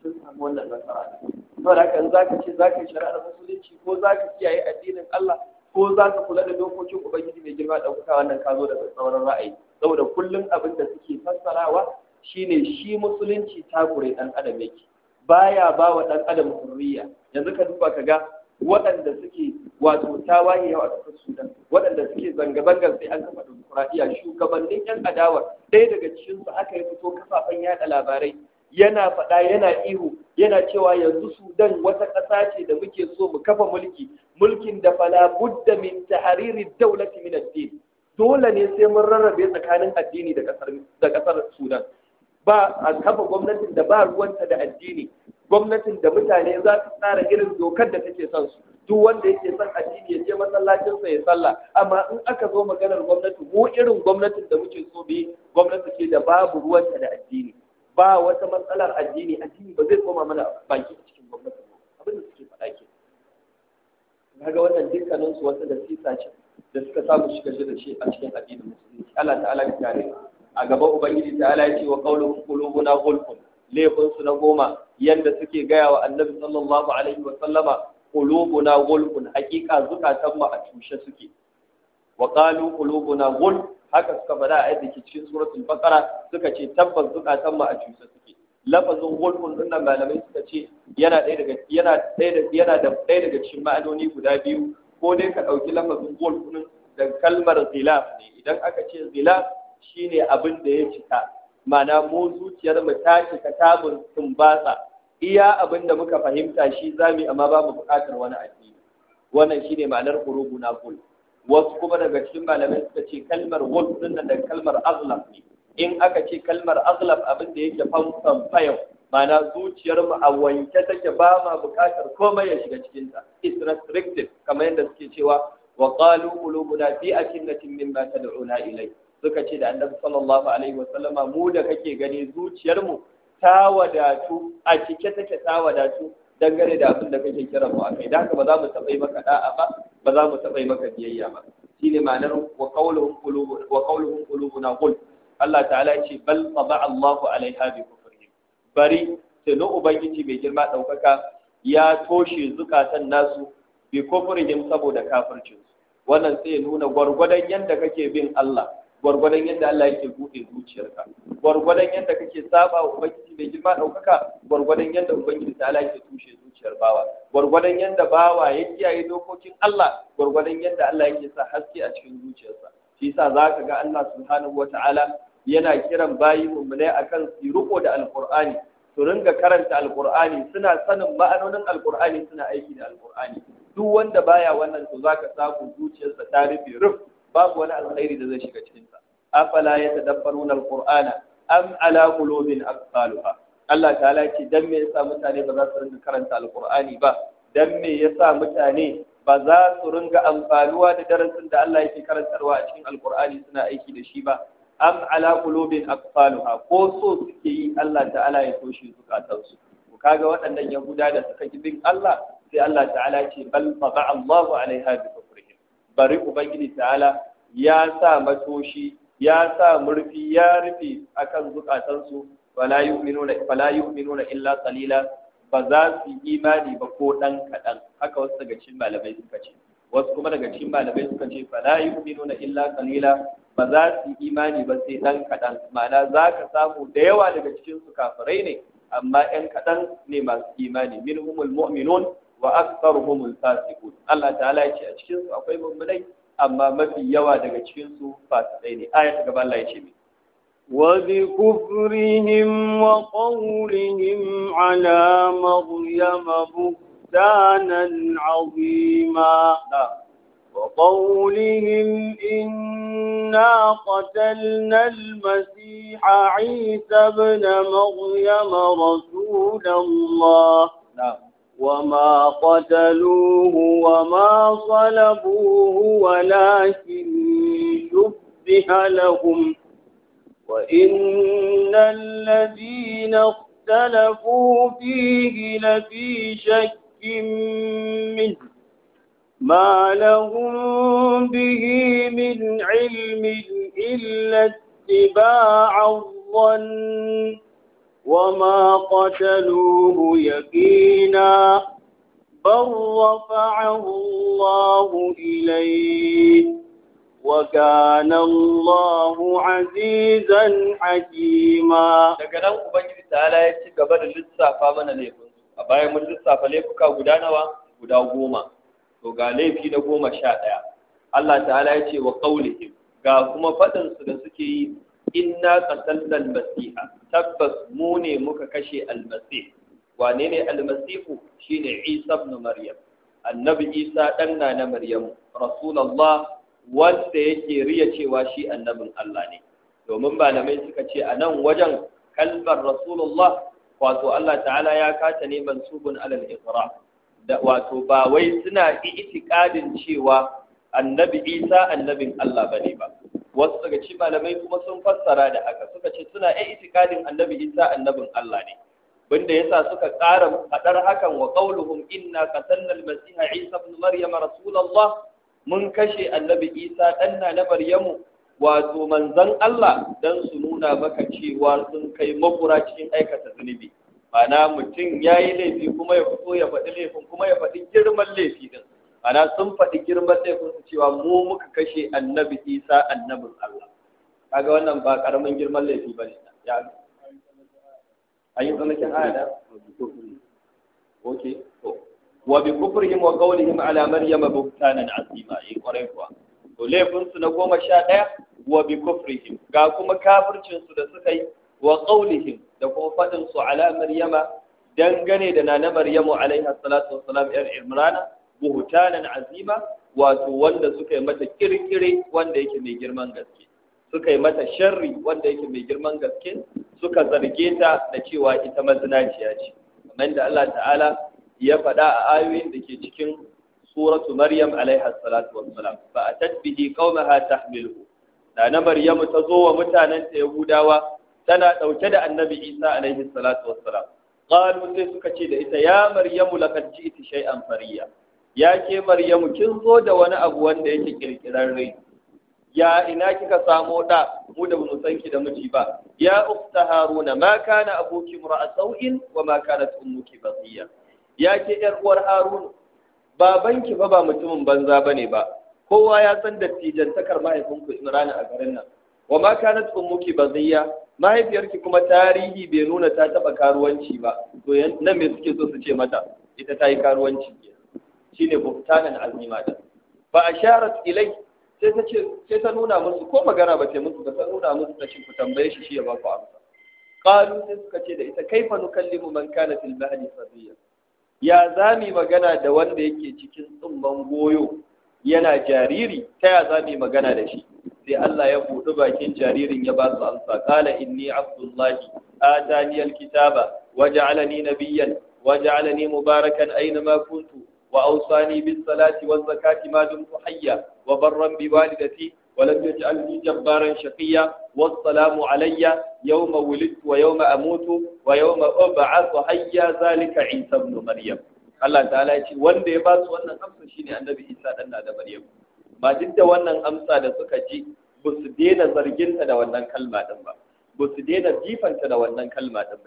sun samu wannan nasara saboda haka za ka ce za ka yi shari'ar musulunci ko za ka kiyaye addinin allah ko za ka kula da dokokin ubangiji mai girma kuka wannan ka zo daga tsauran ra'ayi saboda kullum abin da suke fassarawa shine shi musulunci ta gure ɗan adam yake baya ba wa ɗan adam hurriya yanzu ka duba ka ga waɗanda suke wato waye yawa a ƙasar Sudan waɗanda suke zanga-zangar sai an kafa demokuraɗiyya shugabannin 'yan adawa ɗaya daga cikin su aka yi fito kafafen yaɗa labarai yana faɗa yana ihu yana cewa yanzu Sudan wata ƙasa ce da muke so mu kafa mulki mulkin da fala budda min tahariri dawlati min ad-din dole ne sai mun rarrabe tsakanin addini da ƙasar Sudan ba a kafa gwamnatin da ba ruwanta da addini gwamnatin da mutane za su tsara irin dokar da take son su duk wanda yake son addini ya je masallacinsa ya sallah amma in aka zo maganar gwamnati mu irin gwamnatin da muke so bi gwamnati ce da babu ruwanta da addini ba wata matsalar addini addini ba zai koma mana baki a cikin gwamnati abin da suke faɗa ke ga wannan dukkanin su wata da sisa ce da suka samu shiga da shi a cikin addinin musulunci Allah ta'ala ya kare a gaban ubangiji ta'ala ya ce wa qawluhum qulubuna ghulfun laifin su na goma yanda suke gaya wa annabi sallallahu alaihi wa sallama qulubuna ghulfun hakika zukatan mu a tushe suke wa qalu qulubuna ghulfun haka suka faɗa a yadda ke cikin suratul baqara suka ce tabbas zukatan mu a cusa suke lafazin gulfun din nan malamai suka ce yana ɗaya daga yana ɗaya da yana da ɗaya daga cikin ma'anoni guda biyu ko dai ka ɗauki lafazin gulfun da kalmar zilaf ne idan aka ce zilaf shine abin da ya cika ma'ana mu zuciyar mu ta cika tabun tumbasa iya abin da muka fahimta shi zamu amma babu buƙatar wani addini wannan shine ma'anar qurubuna gulf wasu kuma daga cikin malamai suka ce kalmar wolf, din nan da kalmar azlaf ne in aka ce kalmar azlaf abin da yake fanfan fayau mana zuciyar mu a wanke take ba ma bukatar komai ya shiga cikin ta is restricted kamar yadda suke cewa wa qalu qulubuna fi akinnatin mimma tad'una ilai suka ce da annabi sallallahu alaihi wasallama mu da kake gani zuciyar mu ta wadatu a cike take ta wadatu dangane da abin da kake kira mu akai da haka ba za mu taɓa maka da'a ba ba za mu taɓa maka biyayya ba shine ma'anar wa qawluhum qulubuna wa qawluhum qulubuna qul Allah ta'ala ya ce bal taba Allahu alaiha bi kufrihim bari sai ubangiji mai girma daukaka ya toshe zukatan nasu bi kufrihim saboda kafircin wannan sai ya nuna gwargwadon yanda kake bin Allah gwargwadon yadda Allah yake buɗe zuciyarka gwargwadon yadda kake saba wa ubangiji mai girma ɗaukaka gwargwadon yadda ubangiji ta Allah yake tushe zuciyar bawa gwargwadon yadda bawa ya kiyaye dokokin Allah gwargwadon yadda Allah yake sa haske a cikin zuciyarsa shi yasa zaka ga Allah subhanahu wata'ala yana kiran bayi mu'minai akan su riko da alqur'ani su ringa karanta alqur'ani suna sanin ma'anonin alqur'ani suna aiki da alqur'ani duk wanda baya wannan to zaka samu zuciyarsa ta rufe rufe babu wani alkhairi da zai shiga cikin sa afala yatadabbaruna alqur'ana am ala qulubin aqsaluha Allah ta'ala ya ce dan me yasa mutane ba za su rinka karanta alqur'ani ba dan me yasa mutane ba za su ringa amfanuwa da darasin da Allah yake karantarwa a cikin alqur'ani suna aiki da shi ba am ala qulubin aqsaluha ko so suke yi Allah ta'ala ya toshe su su Ku kaga waɗannan yahuda da suka ki bin Allah sai Allah ta'ala ce bal fa Allahu alaiha bi bari ubangiji ta'ala ya sa matoshi ya sa murfi ya rufe akan zukatansu fala yu'minuna umino yu'minuna illa qalila ba za su yi imani ba ko dan kadan haka wasu daga cikin malamai suka ce wasu kuma daga cikin malamai suka ce fala yu'minuna illa qalila ba za su yi imani ba sai dan kadan ma'ana za ka samu da yawa daga cikin su kafirai ne amma ƴan kaɗan ne masu imani minhumul mu'minun wa aktsaruhum fasiqun Allah ta'ala ya ce a cikin su akwai mummunai amma mafi yawa daga cikin su fasikai ne aya ta gaba Allah ya ce mai وبكفرهم وقولهم على مريم بهتانا عظيما وقولهم إنا قتلنا المسيح عيسى ابن مريم رسول الله وما قتلوه وما صلبوه ولكن شبه لهم وإن الذين اختلفوا فيه لفي شك منه ما لهم به من علم إلا اتباع الظن وما قتلوه يقينا بل رفعه الله إليه وكان الله عزيزا حكيما daga nan ubangiji ta'ala ya ci gaba da lissafa mana laifin a bayan mun laifuka guda nawa guda goma to ga laifi na goma sha ɗaya Allah ta'ala ya ce wa qaulihim ga kuma faɗansu da suke yi inna qatalna al-masiha tabbas mu ne muka kashe al-masih wane ne al shine Isa ibn Maryam annabi Isa dan na na rasulullah wanda yake riya cewa shi annabin Allah ne domin malamai suka ce a nan wajen kalmar rasulullah wato Allah ta'ala ya kata ne mansubun alal ikra da wato ba wai suna itikadin cewa annabi Isa annabin Allah bane ba wasu daga cikin malamai kuma sun fassara da haka suka ce suna ai itikadin annabi Isa annabin Allah ne banda yasa suka ƙara fadar hakan wa qauluhum inna qatalna al-masiha Isa ibn Maryam rasulullah mun kashe annabi Isa danna na Maryamu wato manzon Allah dan su nuna maka cewa sun kai makura cikin aikata zunubi ma'ana mutum yayi laifi kuma ya fito ya faɗi laifin kuma ya faɗi girman laifi din ana sun faɗi girman laifin su cewa mu muka kashe annabi isa annabin allah kaga wannan ba karamin girman laifi ba ne ya an yi tsanakin aya da ok to wa bi kufrihim wa qawlihim ala maryam buhtanan azima yi eh, kwarai kuwa to laifin su na goma sha ɗaya wa bi kufrihim ga kuma kafircin su da suka yi wa qawlihim da kuma faɗin su ala maryama dangane da nana maryamu alaiha salatu wassalam yar imrana buhutanan azima wato wanda suka yi mata kirkire wanda yake mai girman gaske suka yi mata sharri wanda yake mai girman gaske suka zarge ta da cewa ita mazinaciya ce kamar da Allah ta'ala ya faɗa a ayoyin da ke cikin suratu maryam alaiha salatu wassalam fa atat bihi qaumaha tahmiluhu da na maryamu ta zo wa mutanen ta yahudawa tana dauke da annabi isa alaihi salatu wassalam qalu sai suka ce da ita ya maryamu laqad ji'ti shay'an fariya ya ke maryamu kin zo da wani abu wanda yake rai ya ina kika samo da mu da mu san ki da miji ba ya ukhta haruna ma kana abuki mura'a sau'in wa ma kanat ummuki basiya ya ke yar uwar haruna babanki fa ba mutumin banza bane ba kowa ya san dattijantakar mahaifinku rana a garin nan wa ma kanat ummuki mahaifiyar mahaifiyarki kuma tarihi bai nuna ta taba karuwanci ba to nan me suke so su ce mata ita ta yi karuwanci shine buhtanan azima da fa asharat ilai sai ta sai ta nuna musu ko magana ba ta musu ba ta nuna musu ta ce ku tambaye shi shi ya ba ku amsa qalu sai suka ce da ita kaifa nukallimu man kana fil mahdi sabiya ya zami magana da wanda yake cikin tsumman goyo yana jariri ta ya zami magana da shi sai Allah ya buɗi bakin jaririn ya ba su amsa qala inni abdullahi atani alkitaba waja'alani nabiyyan waja'alani mubarakan aina ma kuntu وأوصاني بالصلاة والزكاة ما دمت حيا وبرا بوالدتي ولم يجعلني جبارا شقيا والسلام علي يوم ولدت ويوم أموت ويوم أبعث حيا ذلك عيسى ابن مريم Allah ta'ala ya ce wanda ya ba su wannan amsa shine annabi Isa dan da Maryam ba duk da wannan amsa da suka ji ba su daina zarginta da wannan kalma din ba ba su daina jifanta da wannan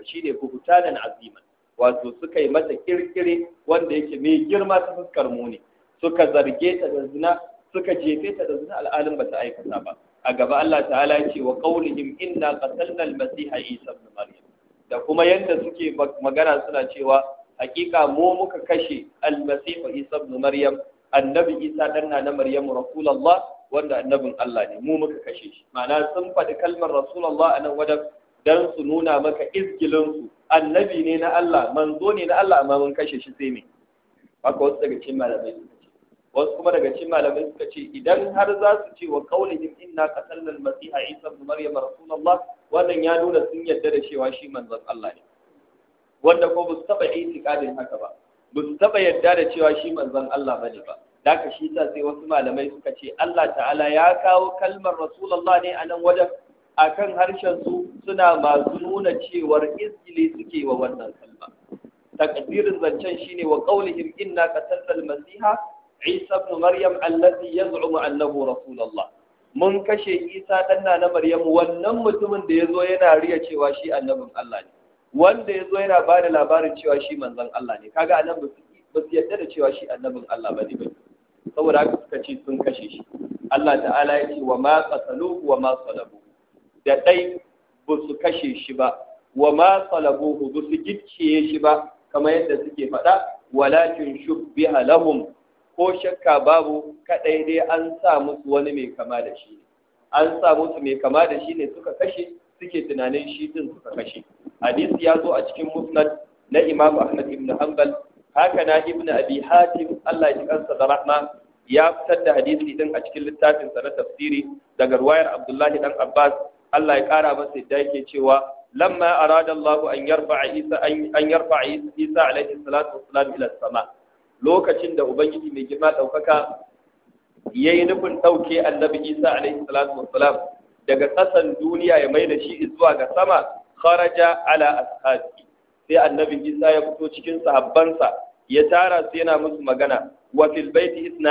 shine buhutanan aziman wato suka yi mata kirkire wanda yake mai girma ta fuskar muni suka zarge ta da zina suka jefe ta da zina al'alin ba ta aikata ba a gaba Allah ta'ala ya ce wa qaulihim inna qatalna al-masiha isa ibn maryam da kuma yanda suke magana suna cewa hakika mu muka kashe al-masiha isa ibn maryam annabi isa dan na maryam rasulullah wanda annabin Allah ne mu muka kashe shi ma'ana sun faɗi kalmar rasulullah anan wadan dan su nuna maka izgilinsu annabi ne na Allah manzo ne na Allah amma mun kashe shi sai me haka wasu daga cikin malamai suka ce wasu kuma daga cikin malamai suka ce idan har za su ce wa qaulihim inna qatalna al-masiha isa ibn maryam rasulullah wannan ya nuna sun yarda da cewa shi manzon Allah ne wanda ko ba su taba itikadin haka ba ba su taba yarda da cewa shi manzon Allah bane ba da ka shi ta sai wasu malamai suka ce Allah ta'ala ya kawo kalmar rasulullah ne a nan wajen a kan harshensu suna masu nuna cewar izgili suke wa wannan kalma Takadirin zancen shine wa qaulihim inna qatalna al-masiha isa ibn maryam allazi yaz'umu annahu rasulullah mun kashe isa danna na maryam wannan mutumin da ya zo yana riya cewa shi annabin Allah ne wanda ya zo yana ba da labarin cewa shi manzon Allah ne kaga a nan ba su yadda da cewa shi annabin Allah ba bane ba saboda haka suka ce sun kashe shi Allah ta'ala ya ce wa ma qataluhu wa ma salabu da ɗai ba su kashe shi ba wa ma salabuhu ba su gicciye shi ba kamar yadda suke faɗa walakin shubbiha lahum ko shakka babu kaɗai dai an sa musu wani mai kama da shi an sa musu mai kama da shi ne suka kashe suke tunanin shi din suka kashe hadisi ya zo a cikin musnad na imam ahmad ibn hanbal haka na ibn abi hatim Allah ya kansa da rahma ya fitar da hadisi din a cikin littafin sa na tafsiri daga ruwayar abdullahi dan abbas Allah ya ƙara masa yadda yake cewa lamma arada Allah an yarfa'a Isa an Isa alaihi salatu wassalam ila sama lokacin da ubangiji mai girma daukaka yayi nufin dauke annabi Isa alaihi salatu wassalam daga kasan duniya ya mai da shi zuwa ga sama kharaja ala ashabi sai annabi Isa ya fito cikin sahabbansa ya tara su yana musu magana wa fil baiti 12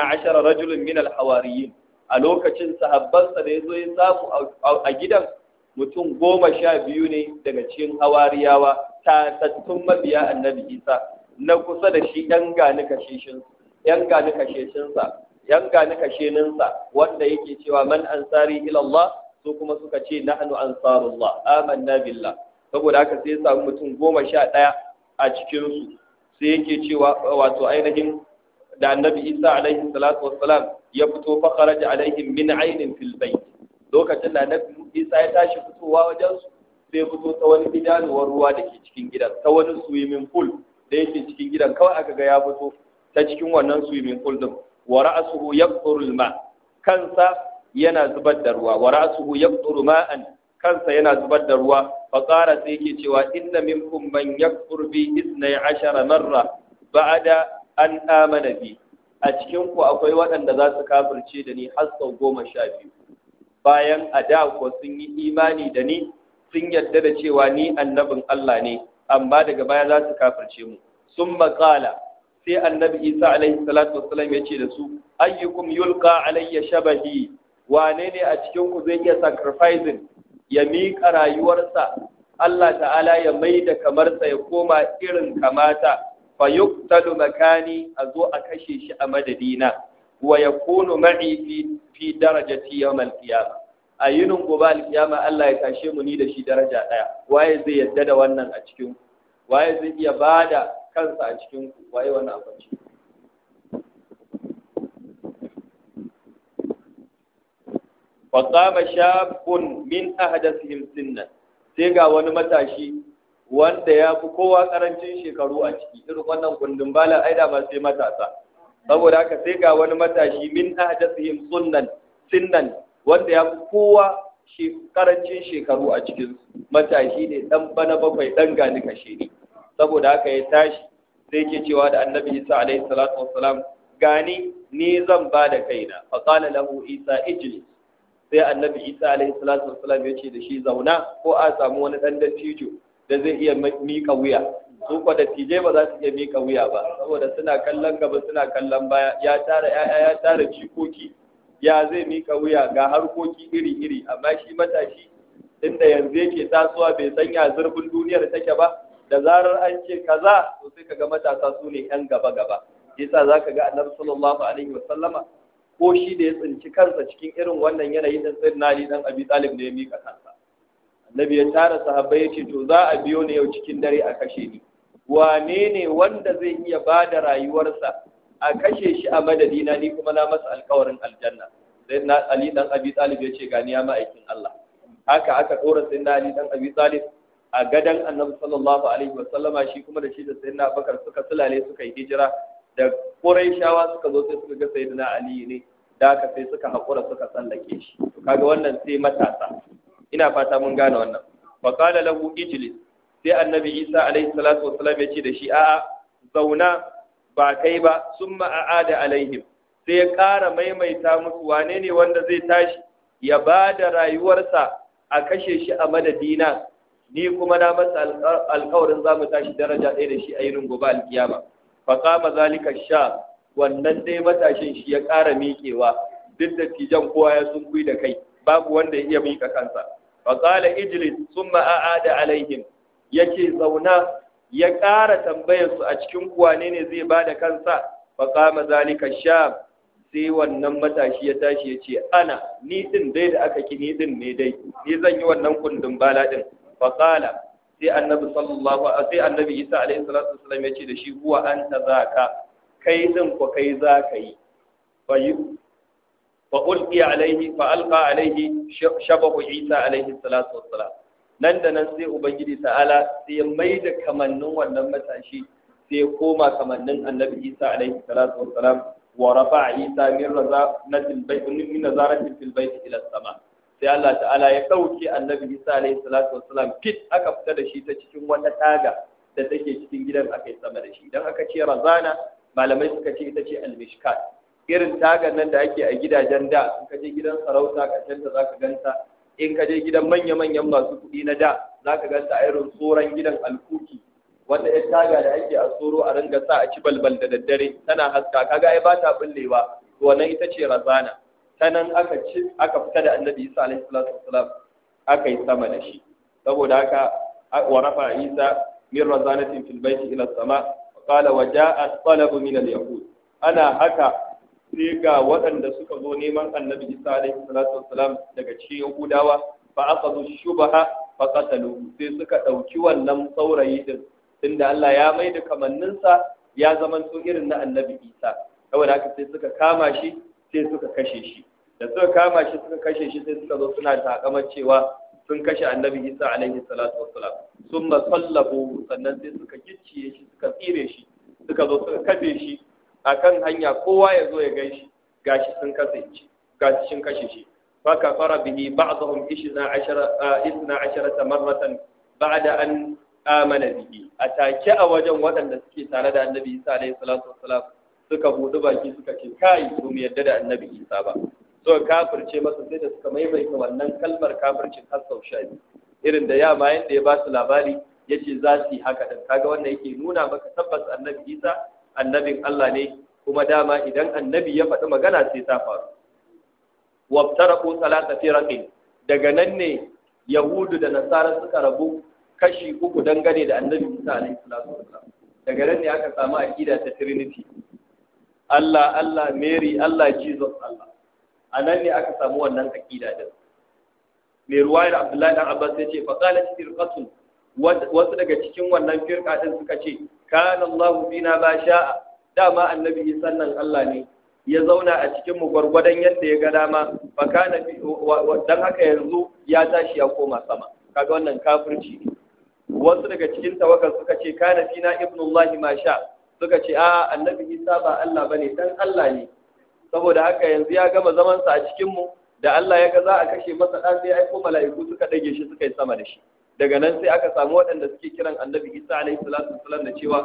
rajulun min al-hawariyin a lokacin sahabbansa da ya zo ya samu a gidan mutum goma sha biyu ne daga cikin hawariyawa tattun mabiya annabi isa na kusa da shi yan gani kashishin yan gani kashishinsa yan gani kashininsa wanda yake cewa man ansari ilallah su kuma suka ce nahnu ansarullah amanna billah saboda haka sai ya mutum goma sha ɗaya a cikinsu sai yake cewa wato ainihin da annabi isa alaihi salatu wassalam ya fito fa kharaja alaihim min ainin fil bayt lokacin da annabi isa ya tashi fitowa wajen su sai fito ta wani gidanuwar ruwa da ke cikin gidan ta wani swimming pool da yake cikin gidan kawai aka ga ya fito ta cikin wannan swimming pool din wa ra'suhu yaqturu al-ma kansa yana zubar da ruwa wa ra'suhu yaqturu ma'an kansa yana zubar da ruwa fa qara sai yake cewa inna minkum man yakfur bi 12 marra ba'da an amana bi a cikin ku akwai waɗanda za su kafirce da ni har sau goma sha biyu bayan a da ko sun yi imani da ni sun yarda da cewa ni annabin Allah ne amma daga baya za su kafirce mu sun maƙala sai annabi isa alaihi salatu wasalam ya ce da su ayyukum Yulka alayya shabahi wane ne a cikin ku zai iya sacrificing ya miƙa rayuwarsa Allah ta'ala ya maida da kamarsa ya koma irin kamata fa makani a zo a kashe shi a madadina wa yakunu ma'i fi daraja darajati yawm al-qiyamah a yinin gobe alkiyama Allah ya tashe mu ni da shi daraja ɗaya waye zai yadda da wannan a cikin waye zai iya bada kansa a cikin ku waye wannan abinci wa qama shabun min ahdathihim sinna sai ga wani matashi wanda ya fi kowa karancin shekaru a ciki irin wannan kundin bala aida ba sai matasa saboda haka sai ga wani matashi min ahdathihim sunan sinnan wanda ya fi kowa karancin shekaru a cikin matashi ne dan bana bakwai dan gani kashe ne saboda haka ya tashi sai ke cewa da annabi isa alaihi salatu wasalam gani ni zan ba da kaina fa qala lahu isa ijli sai annabi isa alaihi salatu wasalam ya ce da shi zauna ko a samu wani dan dattijo da zai iya miƙa wuya su kwa da tije ba za su iya miƙa wuya ba saboda suna kallon gaba suna kallon baya ya tara ya'ya ya tara cikoki ya zai miƙa wuya ga harkoki iri-iri amma shi matashi inda yanzu yake tasowa bai san ya zurfin duniyar take ba da zarar an ce kaza to sai kaga matasa su ne yan gaba-gaba yasa zaka ga annabi sallallahu alaihi wasallama ko shi da ya tsinci kansa cikin irin wannan yanayin din sayyidina ali dan abi talib ne ya miƙa kansa nabi ya tara sahabbai ya ce to za a biyo ni yau cikin dare a kashe ni wane ne wanda zai iya ba da rayuwarsa a kashe shi a madadina ni kuma na masa alkawarin aljanna sai na ali dan abi talib ya ce ni ya ma'aikin Allah haka aka dora sai na ali dan abi talib a gadan annabi sallallahu alaihi wa shi kuma da shi da sayyidina abakar suka sulale suka yi hijira da quraishawa suka zo sai suka ga sayyidina ali ne da ka sai suka hakura suka tsallake shi to kaga wannan sai matasa ina fata mun gane wannan fa qala lahu ijlis sai annabi Isa alaihi salatu wassalam ya ce da shi a'a zauna ba kai ba summa a'ada alaihim sai ya ƙara maimaita musu wane ne wanda zai tashi ya ba da rayuwarsa a kashe shi a madadina ni kuma na masa alkawarin za mu tashi daraja ɗaya da shi a yinin gobe alkiyama fa kama zalika sha wannan dai matashin shi ya ƙara miƙewa duk da tijan kowa ya sunkui da kai babu wanda ya iya mika kansa faƙala ijlis sun da alaihim ya ce zauna ya ƙara tambayarsu a cikin kuwane ne zai ba da kansa faƙama zalika sham sai wannan matashi ya tashi ya ce ana ni ɗin dai da aka ki ni ɗin ne dai ni zan yi wannan kundin bala ɗin faƙala sai annabi sallallahu a sai annabi isa alaihi salatu wasallam ya ce da shi huwa anta zaka kai ɗin ko kai za ka yi fa ulqiya alaihi fa alqa alaihi shabahu isa alaihi salatu wassalam nan da nan sai ubangiji ta'ala sai ya mai da kamannin wannan matashi sai ya koma kamannin annabi isa alaihi salatu wassalam wa rafa isa min razanatil bayt min nazaratil fil bayt ila sama sai Allah ta'ala ya dauke annabi isa alaihi salatu wassalam fit aka fita da shi ta cikin wata taga da take cikin gidan aka yi sama da shi dan aka ce razana malamai suka ce ita ce al irin tagar nan da ake a gidajen da in ka je gidan sarauta ƙarshen za ka ganta in ka je gidan manya-manyan masu kuɗi na da za ka ganta a irin tsoron gidan alkuki wanda ya taga da ake a tsoro a ringa sa a ci balbal da daddare tana haska kaga ai ba ta bullewa wannan ita ce razana ta nan aka fita da annabi isa alaihi salatu wasalam aka yi sama da shi saboda haka wa rafa isa min razanatin fil baiti ila sama qala wa ja'a talabu min al yahud ana haka sai ga waɗanda suka zo neman annabi isa alaihi salatu wasalam daga cikin yahudawa fa aka zo shubaha fa qatalu sai suka ɗauki wannan saurayi din tunda Allah ya mai da kamanninsa ya zama to irin na annabi isa saboda haka sai suka kama shi sai suka kashe shi da suka kama shi suka kashe shi sai suka zo suna takamar cewa sun kashe annabi isa alaihi salatu wasalam sun masallabu sannan sai suka gicciye shi suka tsire shi suka zo suka kafe shi akan hanya kowa ya zo ya gaishe gashi sun kasance gashi sun kashe shi fa fara bihi ba'dhum 12 12 marratan ba'da an amana bihi take a wajen waɗanda suke tare da annabi Isa alaihi salatu wassalam suka baki suka ce kai ba mu yadda da annabi Isa ba so kafirce masa sai da suka maimaita wannan kalmar kafircin har sau sha irin da ya yama da ya ba su labari yace za su yi haka din kaga wannan yake nuna maka tabbas annabi Isa annabin Allah ne kuma dama idan annabi ya faɗi magana sai ta faru wabtaraqu salata firaqin daga nan ne yahudu da nasara suka rabu kashi uku dangane da annabi Isa alaihi salatu wasallam daga nan ne aka samu aqida ta trinity Allah Allah Mary Allah Jesus Allah a nan ne aka samu wannan aqida din mai ruwayar Abdullahi dan Abbas ya ce fa qalat firqatun wasu daga cikin wannan firka din suka ce kana Allahu bina ba sha'a dama annabi Isa Allah ne ya zauna a cikin mu gwargwadon yadda ya ga dama fa kana dan haka yanzu ya tashi ya koma sama kaga wannan kafirci ne wasu daga cikin tawakkal suka ce kana fina ibnullahi ma sha suka ce a annabi Isa ba Allah bane dan Allah ne saboda haka yanzu ya gama zaman sa a cikin mu da Allah ya ga za a kashe masa ɗan sai aiko mala'iku suka ɗage shi suka yi sama da shi daga nan sai aka samu waɗanda suke kiran annabi isa alaihi salatu wasalam da cewa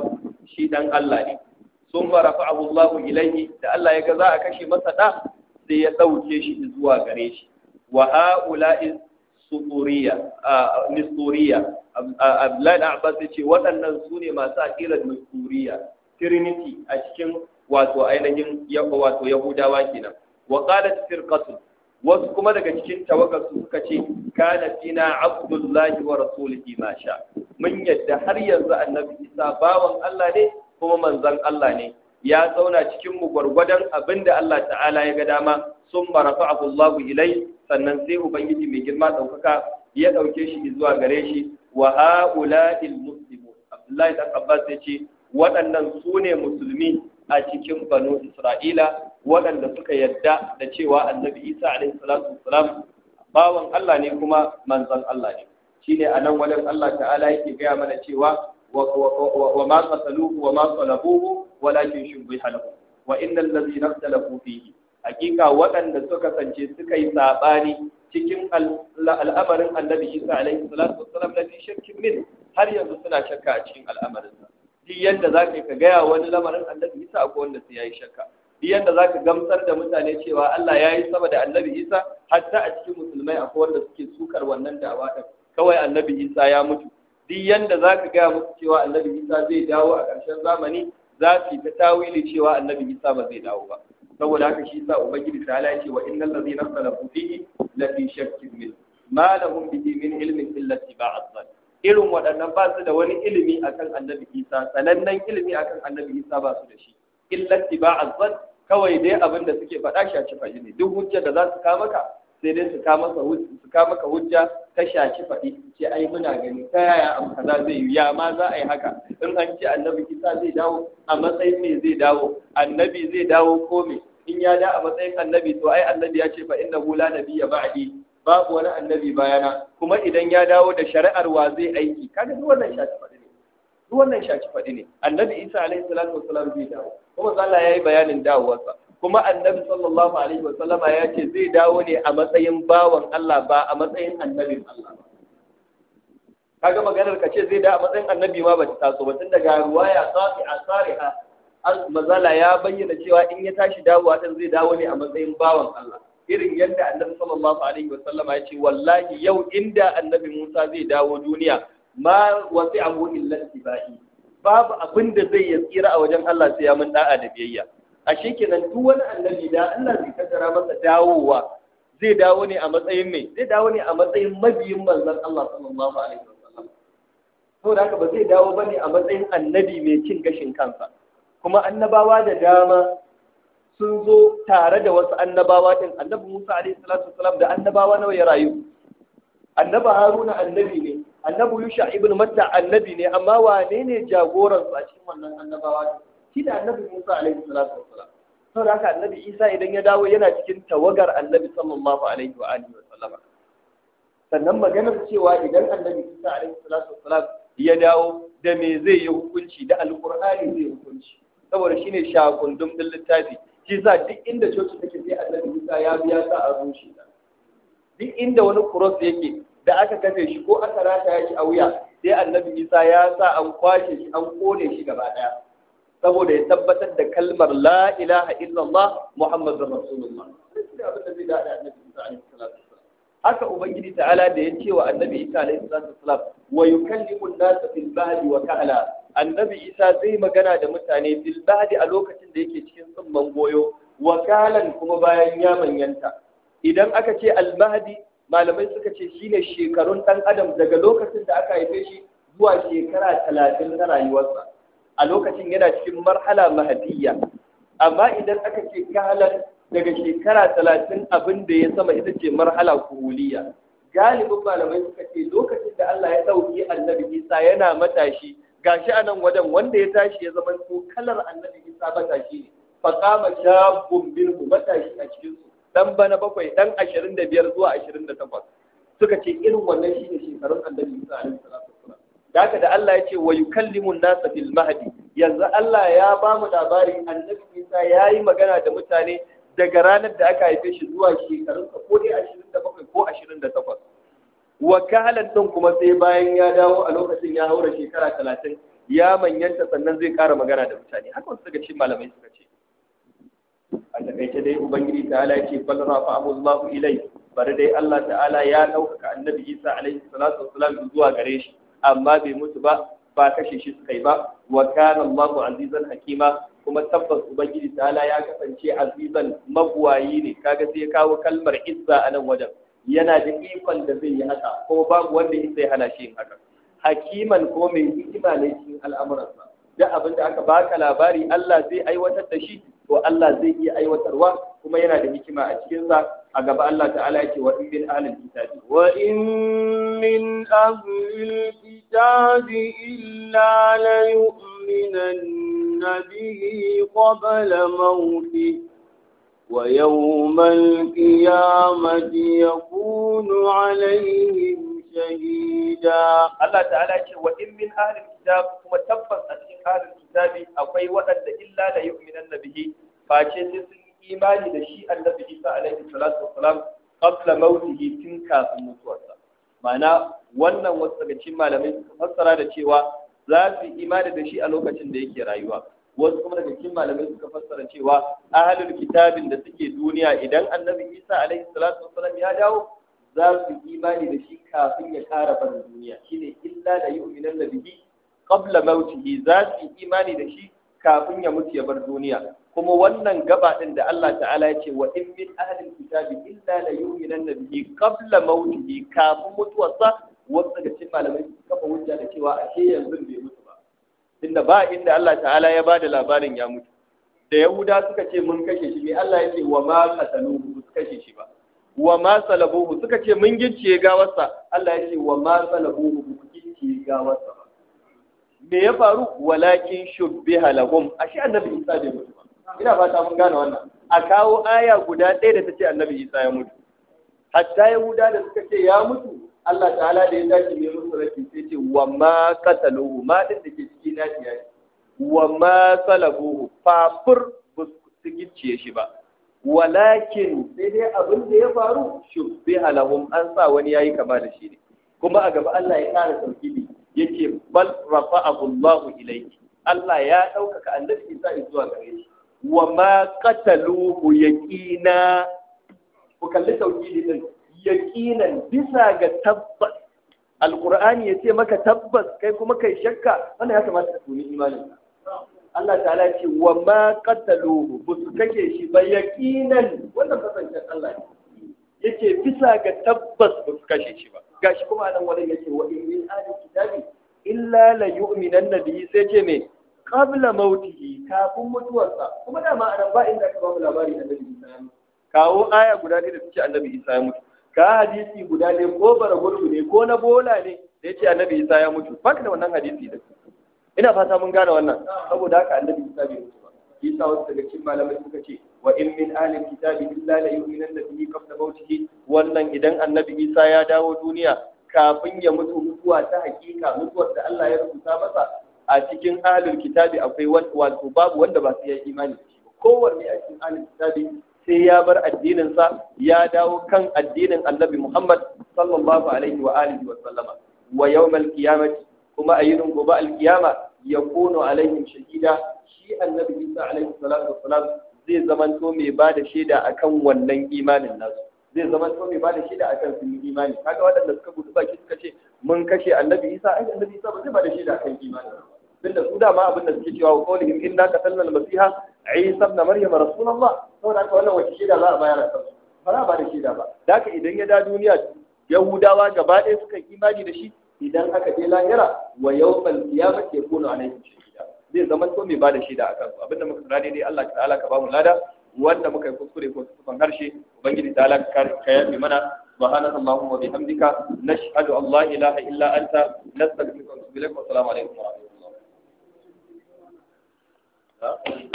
shi dan Allah ne sun ba rafa'ahu Allahu ilaihi da Allah ya ga za a kashe masa da sai ya dauke shi zuwa gare shi wa haula'i suturiya nisturiya Abdullahi Abbas ya ce waɗannan su ne masu aƙirar nisturiya Trinity a cikin wato ainihin wato Yahudawa kenan wa qalat firqatun wasu kuma daga cikin tawagar su suka ce kana fina abdullahi wa rasulihi ma sha mun yadda har yanzu annabi isa bawan Allah ne kuma manzon Allah ne ya zauna cikin mu gwargwadon abinda Allah ta'ala ya ga dama sun marafa'ahu Allahu ilai sannan sai ubangiji mai girma ɗaukaka ya ɗauke shi zuwa gare shi wa ha'ula'il muslimu Abdullahi dan Abbas ya ce waɗannan su ne musulmi a cikin banu Isra'ila waɗanda suka yadda da cewa annabi isa alaihi salatu wassalam bawan Allah ne kuma manzon Allah ne shine nan wajen Allah ta'ala yake gaya mana cewa wa ma qataluhu wa ma salabuhu walakin shubbiha lahu wa innal ladhina ikhtalafu fihi hakika waɗanda suka kasance suka yi sabani cikin al'amarin annabi Isa alaihi salatu wassalam da shirkin min har yanzu suna shakka a cikin al'amarin sa duk yadda zaka ka gaya wani lamarin annabi Isa akwai wanda sai yayi shakka yadda za ka gamsar da mutane cewa Allah ya yi sama da annabi Isa hatta a cikin musulmai akwai wanda suke sukar wannan da'awa ta kawai annabi Isa ya mutu duk yadda za ka gaya musu cewa annabi Isa zai dawo a ƙarshen zamani za su yi ta tawili cewa annabi Isa ba zai dawo ba saboda haka shi yasa ubangiji ta ala ce wa innal ladhina ikhtalafu fihi la fi shakkin min ma lahum bihi min ilmin illa tiba'a dhann irin waɗannan ba su da wani ilimi akan annabi Isa sanannen ilimi akan annabi Isa ba su da shi illa tiba'a dhann kawai dai abin da suke faɗa shaci faɗi ne duk hujja da za su kama ka sai dai su kama maka hujja ta shaci faɗi ce ai muna gani ta yaya abu kaza zai yi ya ma za a yi haka in an ce annabi isa zai dawo a matsayin me zai dawo annabi zai dawo ko me in ya da a matsayin annabi to ai annabi ya ce fa innahu la nabiyya ba'di babu wani annabi bayana kuma idan ya dawo da shari'ar wa zai aiki kaga duk wannan shaci faɗi duk wannan shafi faɗi ne annabi isa alaihi salatu wasalam zai dawo kuma zalla ya yi bayanin dawowarsa kuma annabi sallallahu alaihi wasallama ya ce zai dawo ne a matsayin bawan Allah ba a matsayin annabin Allah ba kaga maganar ka ce zai dawo a matsayin annabi ma ba ta taso ba tun daga ruwaya safi a sariha mazala ya bayyana cewa in ya tashi dawowa dan zai dawo ne a matsayin bawan Allah irin yadda annabi sallallahu alaihi wasallama ya ce wallahi yau inda annabi Musa zai dawo duniya ma wasi abu illa tibai babu abin da zai ya tsira a wajen Allah sai ya mun da'a da biyayya a kenan duk wani annabi da Allah zai kaddara masa dawowa zai dawo ne a matsayin mai zai dawo ne a matsayin mabiyin manzon Allah sallallahu alaihi wasallam to da haka ba zai dawo bane a matsayin annabi mai cin gashin kansa kuma annabawa da dama sun zo tare da wasu annabawa din annabi Musa alaihi salatu wasallam da annabawa nawa ya rayu Annabi Haruna annabi ne annabi yusha ibn matta annabi ne amma wane ne jagoran su a cikin wannan annabawa shi da annabi musa alaihi salatu wassalam saboda haka annabi isa idan ya dawo yana cikin tawagar annabi sallallahu alaihi wa alihi wasallam sannan maganar cewa idan annabi isa alaihi salatu wasalam ya dawo da me zai yi hukunci da alqur'ani zai hukunci saboda shine shakundum din littafi shi sa duk inda coci take sai annabi isa ya biya sa a rushe duk inda wani cross yake da aka kafe shi ko aka rataya shi a wuya sai annabi isa ya sa an kwashe shi an kone shi gaba daya saboda ya tabbatar da kalmar la ilaha illallah muhammadur rasulullah haka ubangiji ta'ala da ya ce wa annabi isa alaihi salatu wasalam wa yukallimu an-nasa fil bahri wa annabi isa zai magana da mutane fil bahri a lokacin da yake cikin tsumman goyo wakalan kuma bayan ya manyanta idan aka ce al-mahdi malamai suka ce shine shekarun ɗan adam daga lokacin da aka haife shi zuwa shekara talatin na rayuwarsa a lokacin yana cikin marhala mahadiyya amma idan aka ce kahalar daga shekara talatin abin da ya sama ita ce marhala kuhuliya galibin malamai suka ce lokacin da Allah ya ɗauki annabi isa yana matashi gashi anan wajen wanda ya tashi ya zama to kalar annabi isa matashi ne kama shabun bilhu matashi a cikinsu dan bana bakwai dan ashirin da biyar zuwa ashirin da takwas suka ce irin wannan shine shekarun annabi Isa alaihi salatu da daga da Allah ya ce wa yukallimun nasa fil mahdi yanzu Allah ya ba mu labarin annabi Isa yayi magana da mutane daga ranar da aka haife shi zuwa shekarun sa ko dai ashirin da bakwai ko ashirin da takwas wakalan din kuma sai bayan ya dawo a lokacin ya haura shekara talatin ya manyanta sannan zai kara magana da mutane haka suka daga cikin malamai suka ce a takaice dai ubangiji Tala ya ce bal rafa'ahu ilai bari dai Allah ta'ala ya ɗaukaka annabi Isa alaihi salatu wassalam zuwa gare shi amma bai mutu ba ba kashe shi su kai ba wa kana Allahu azizan hakima kuma tabbas ubangiji ta'ala ya kasance azizan mabuwayi ne kaga sai ya kawo kalmar izza a nan wajen yana da ikon da zai yi haka ko babu wanda ya sai hana shi haka hakiman ko mai hikima ne cikin al'amuransa da abin da aka baka labari Allah zai aiwatar da shi to Allah zai iya aiwatarwa kuma yana da hikima a cikinsa a gaba Allah ta'ala yake wa in min ahlil kitabi wa in min ahlil kitabi illa la yu'minanna bihi qabla شهيدا الله تعالى يقول وإن من أهل الكتاب كما تبس أتين أهل الكتاب أقوي وأن إلا لا يؤمنن به فأشيء سن إيماني لشيء النبي عيسى عليه الصلاة والسلام قبل موته تنكا المتوسط ma'ana wannan wasu daga malamai suka fassara da cewa za su imani da shi a lokacin da yake rayuwa wasu kuma daga cikin malamai suka fassara cewa ahlul kitabin da suke duniya idan annabi Isa alaihi salatu wasallam ya dawo za su imani da shi kafin ya kara barin duniya shine illa da yu'minan da bihi qabla mautihi za su imani da shi kafin ya mutu ya bar duniya kuma wannan gaba din da Allah ta'ala ya ce wa in min kitabi illa la yu'minan bihi qabla mautihi kafin mutuwarsa wasu daga cikin malamai su kafa hujja da cewa ashe yanzu bai mutu ba Inda ba inda Allah ta'ala ya bada labarin ya mutu da yahuda suka ce mun kashe shi me Allah ya ce wa ma qataluhu kashe shi ba wa ma salabuhu suka ce mun gicciye gawarsa Allah ya ce wa ma salabuhu ku gicciye gawarsa me ya faru walakin shubbiha lahum ashe annabi Isa bai mutu ba ina fata mun gane wannan a kawo aya guda ɗaya da ta ce annabi Isa ya mutu hatta Yahuda da suka ce ya mutu Allah ta'ala da ya dace mai musu rafi sai ce wa ma qataluhu ma din da ke cikin nasiya wa ma salabuhu fafur ba su gicciye shi ba walakin sai dai abin da ya faru shubbiha lahum an sa wani yayi kama da shi ne kuma a gaba Allah ya kara tauhidi yake bal rafa'ahu Allahu ilayhi Allah ya ɗaukaka annabi Isa zuwa gare shi wa ma qataluhu yaqina ku kalli tauhidi din yaqinan bisa ga tabbas alqur'ani yace maka tabbas kai kuma kai shakka wannan ya kamata ka tuni imanin Allah ta'ala ce wa ma ba su kake shi ba yaqinan wannan kasancen Allah ne yake bisa ga tabbas ba su kashe shi ba gashi kuma nan wani yake wa in min ahli kitabi illa la yu'minanna bihi sai ce me qabla mautihi kafin mutuwarsa kuma dama anan ba inda aka bamu labari annabi Isa ya mutu kawo aya guda ne da suke annabi Isa ya mutu ka hadisi guda ne ko bara gurgu ne ko na bola ne da yace annabi Isa ya mutu baka da wannan hadisi da su ina fata mun gane wannan saboda haka annabi Isa bai mutu ba Isa wasu daga cikin malamai suka ce wa in min ahlil kitabi illa la yu'minanna bihi qabla mawtihi wannan idan annabi Isa ya dawo duniya kafin ya mutu mutuwa ta hakika mutuwar da Allah ya rubuta masa a cikin ahlul kitabi akwai wato babu wanda ba su yi imani kowanne a cikin ahlul kitabi sai ya bar addininsa ya dawo kan addinin annabi Muhammad sallallahu alaihi wa alihi wa sallama wa yawmal qiyamati kuma a yinin gobe alkiyama ya kono alaihim shahida shi annabi isa alaihi salatu wassalam zai zamanto mai ba da shaida akan wannan imanin nasu zai zamanto mai ba da shaida akan sun yi imani kaga wadanda suka gudu baki suka ce mun kashe annabi isa ai annabi isa ba zai ba da shaida akan imani tunda su ma abin da suke cewa wa qawlihim inna qatalna al-masiha isa ibn maryam rasulullah saboda haka wannan wace shaida za a bayar a kansu ba za a ba da shaida ba da haka idan ya da duniya yahudawa gaba ɗaya suka imani da shi idan aka je lahira wa yawmal qiyamati yakunu alaihim shida. zai zama to mai bada shaida akan Abin abinda muka tsara daidai Allah ala ka bamu lada wanda muka yi kuskure ko kusan harshe ubangiji ta'ala ka yafi mana سبحانك اللهم وبحمدك نشهد ان لا اله الا انت نستغفرك ونتوب اليك والسلام عليكم ورحمه الله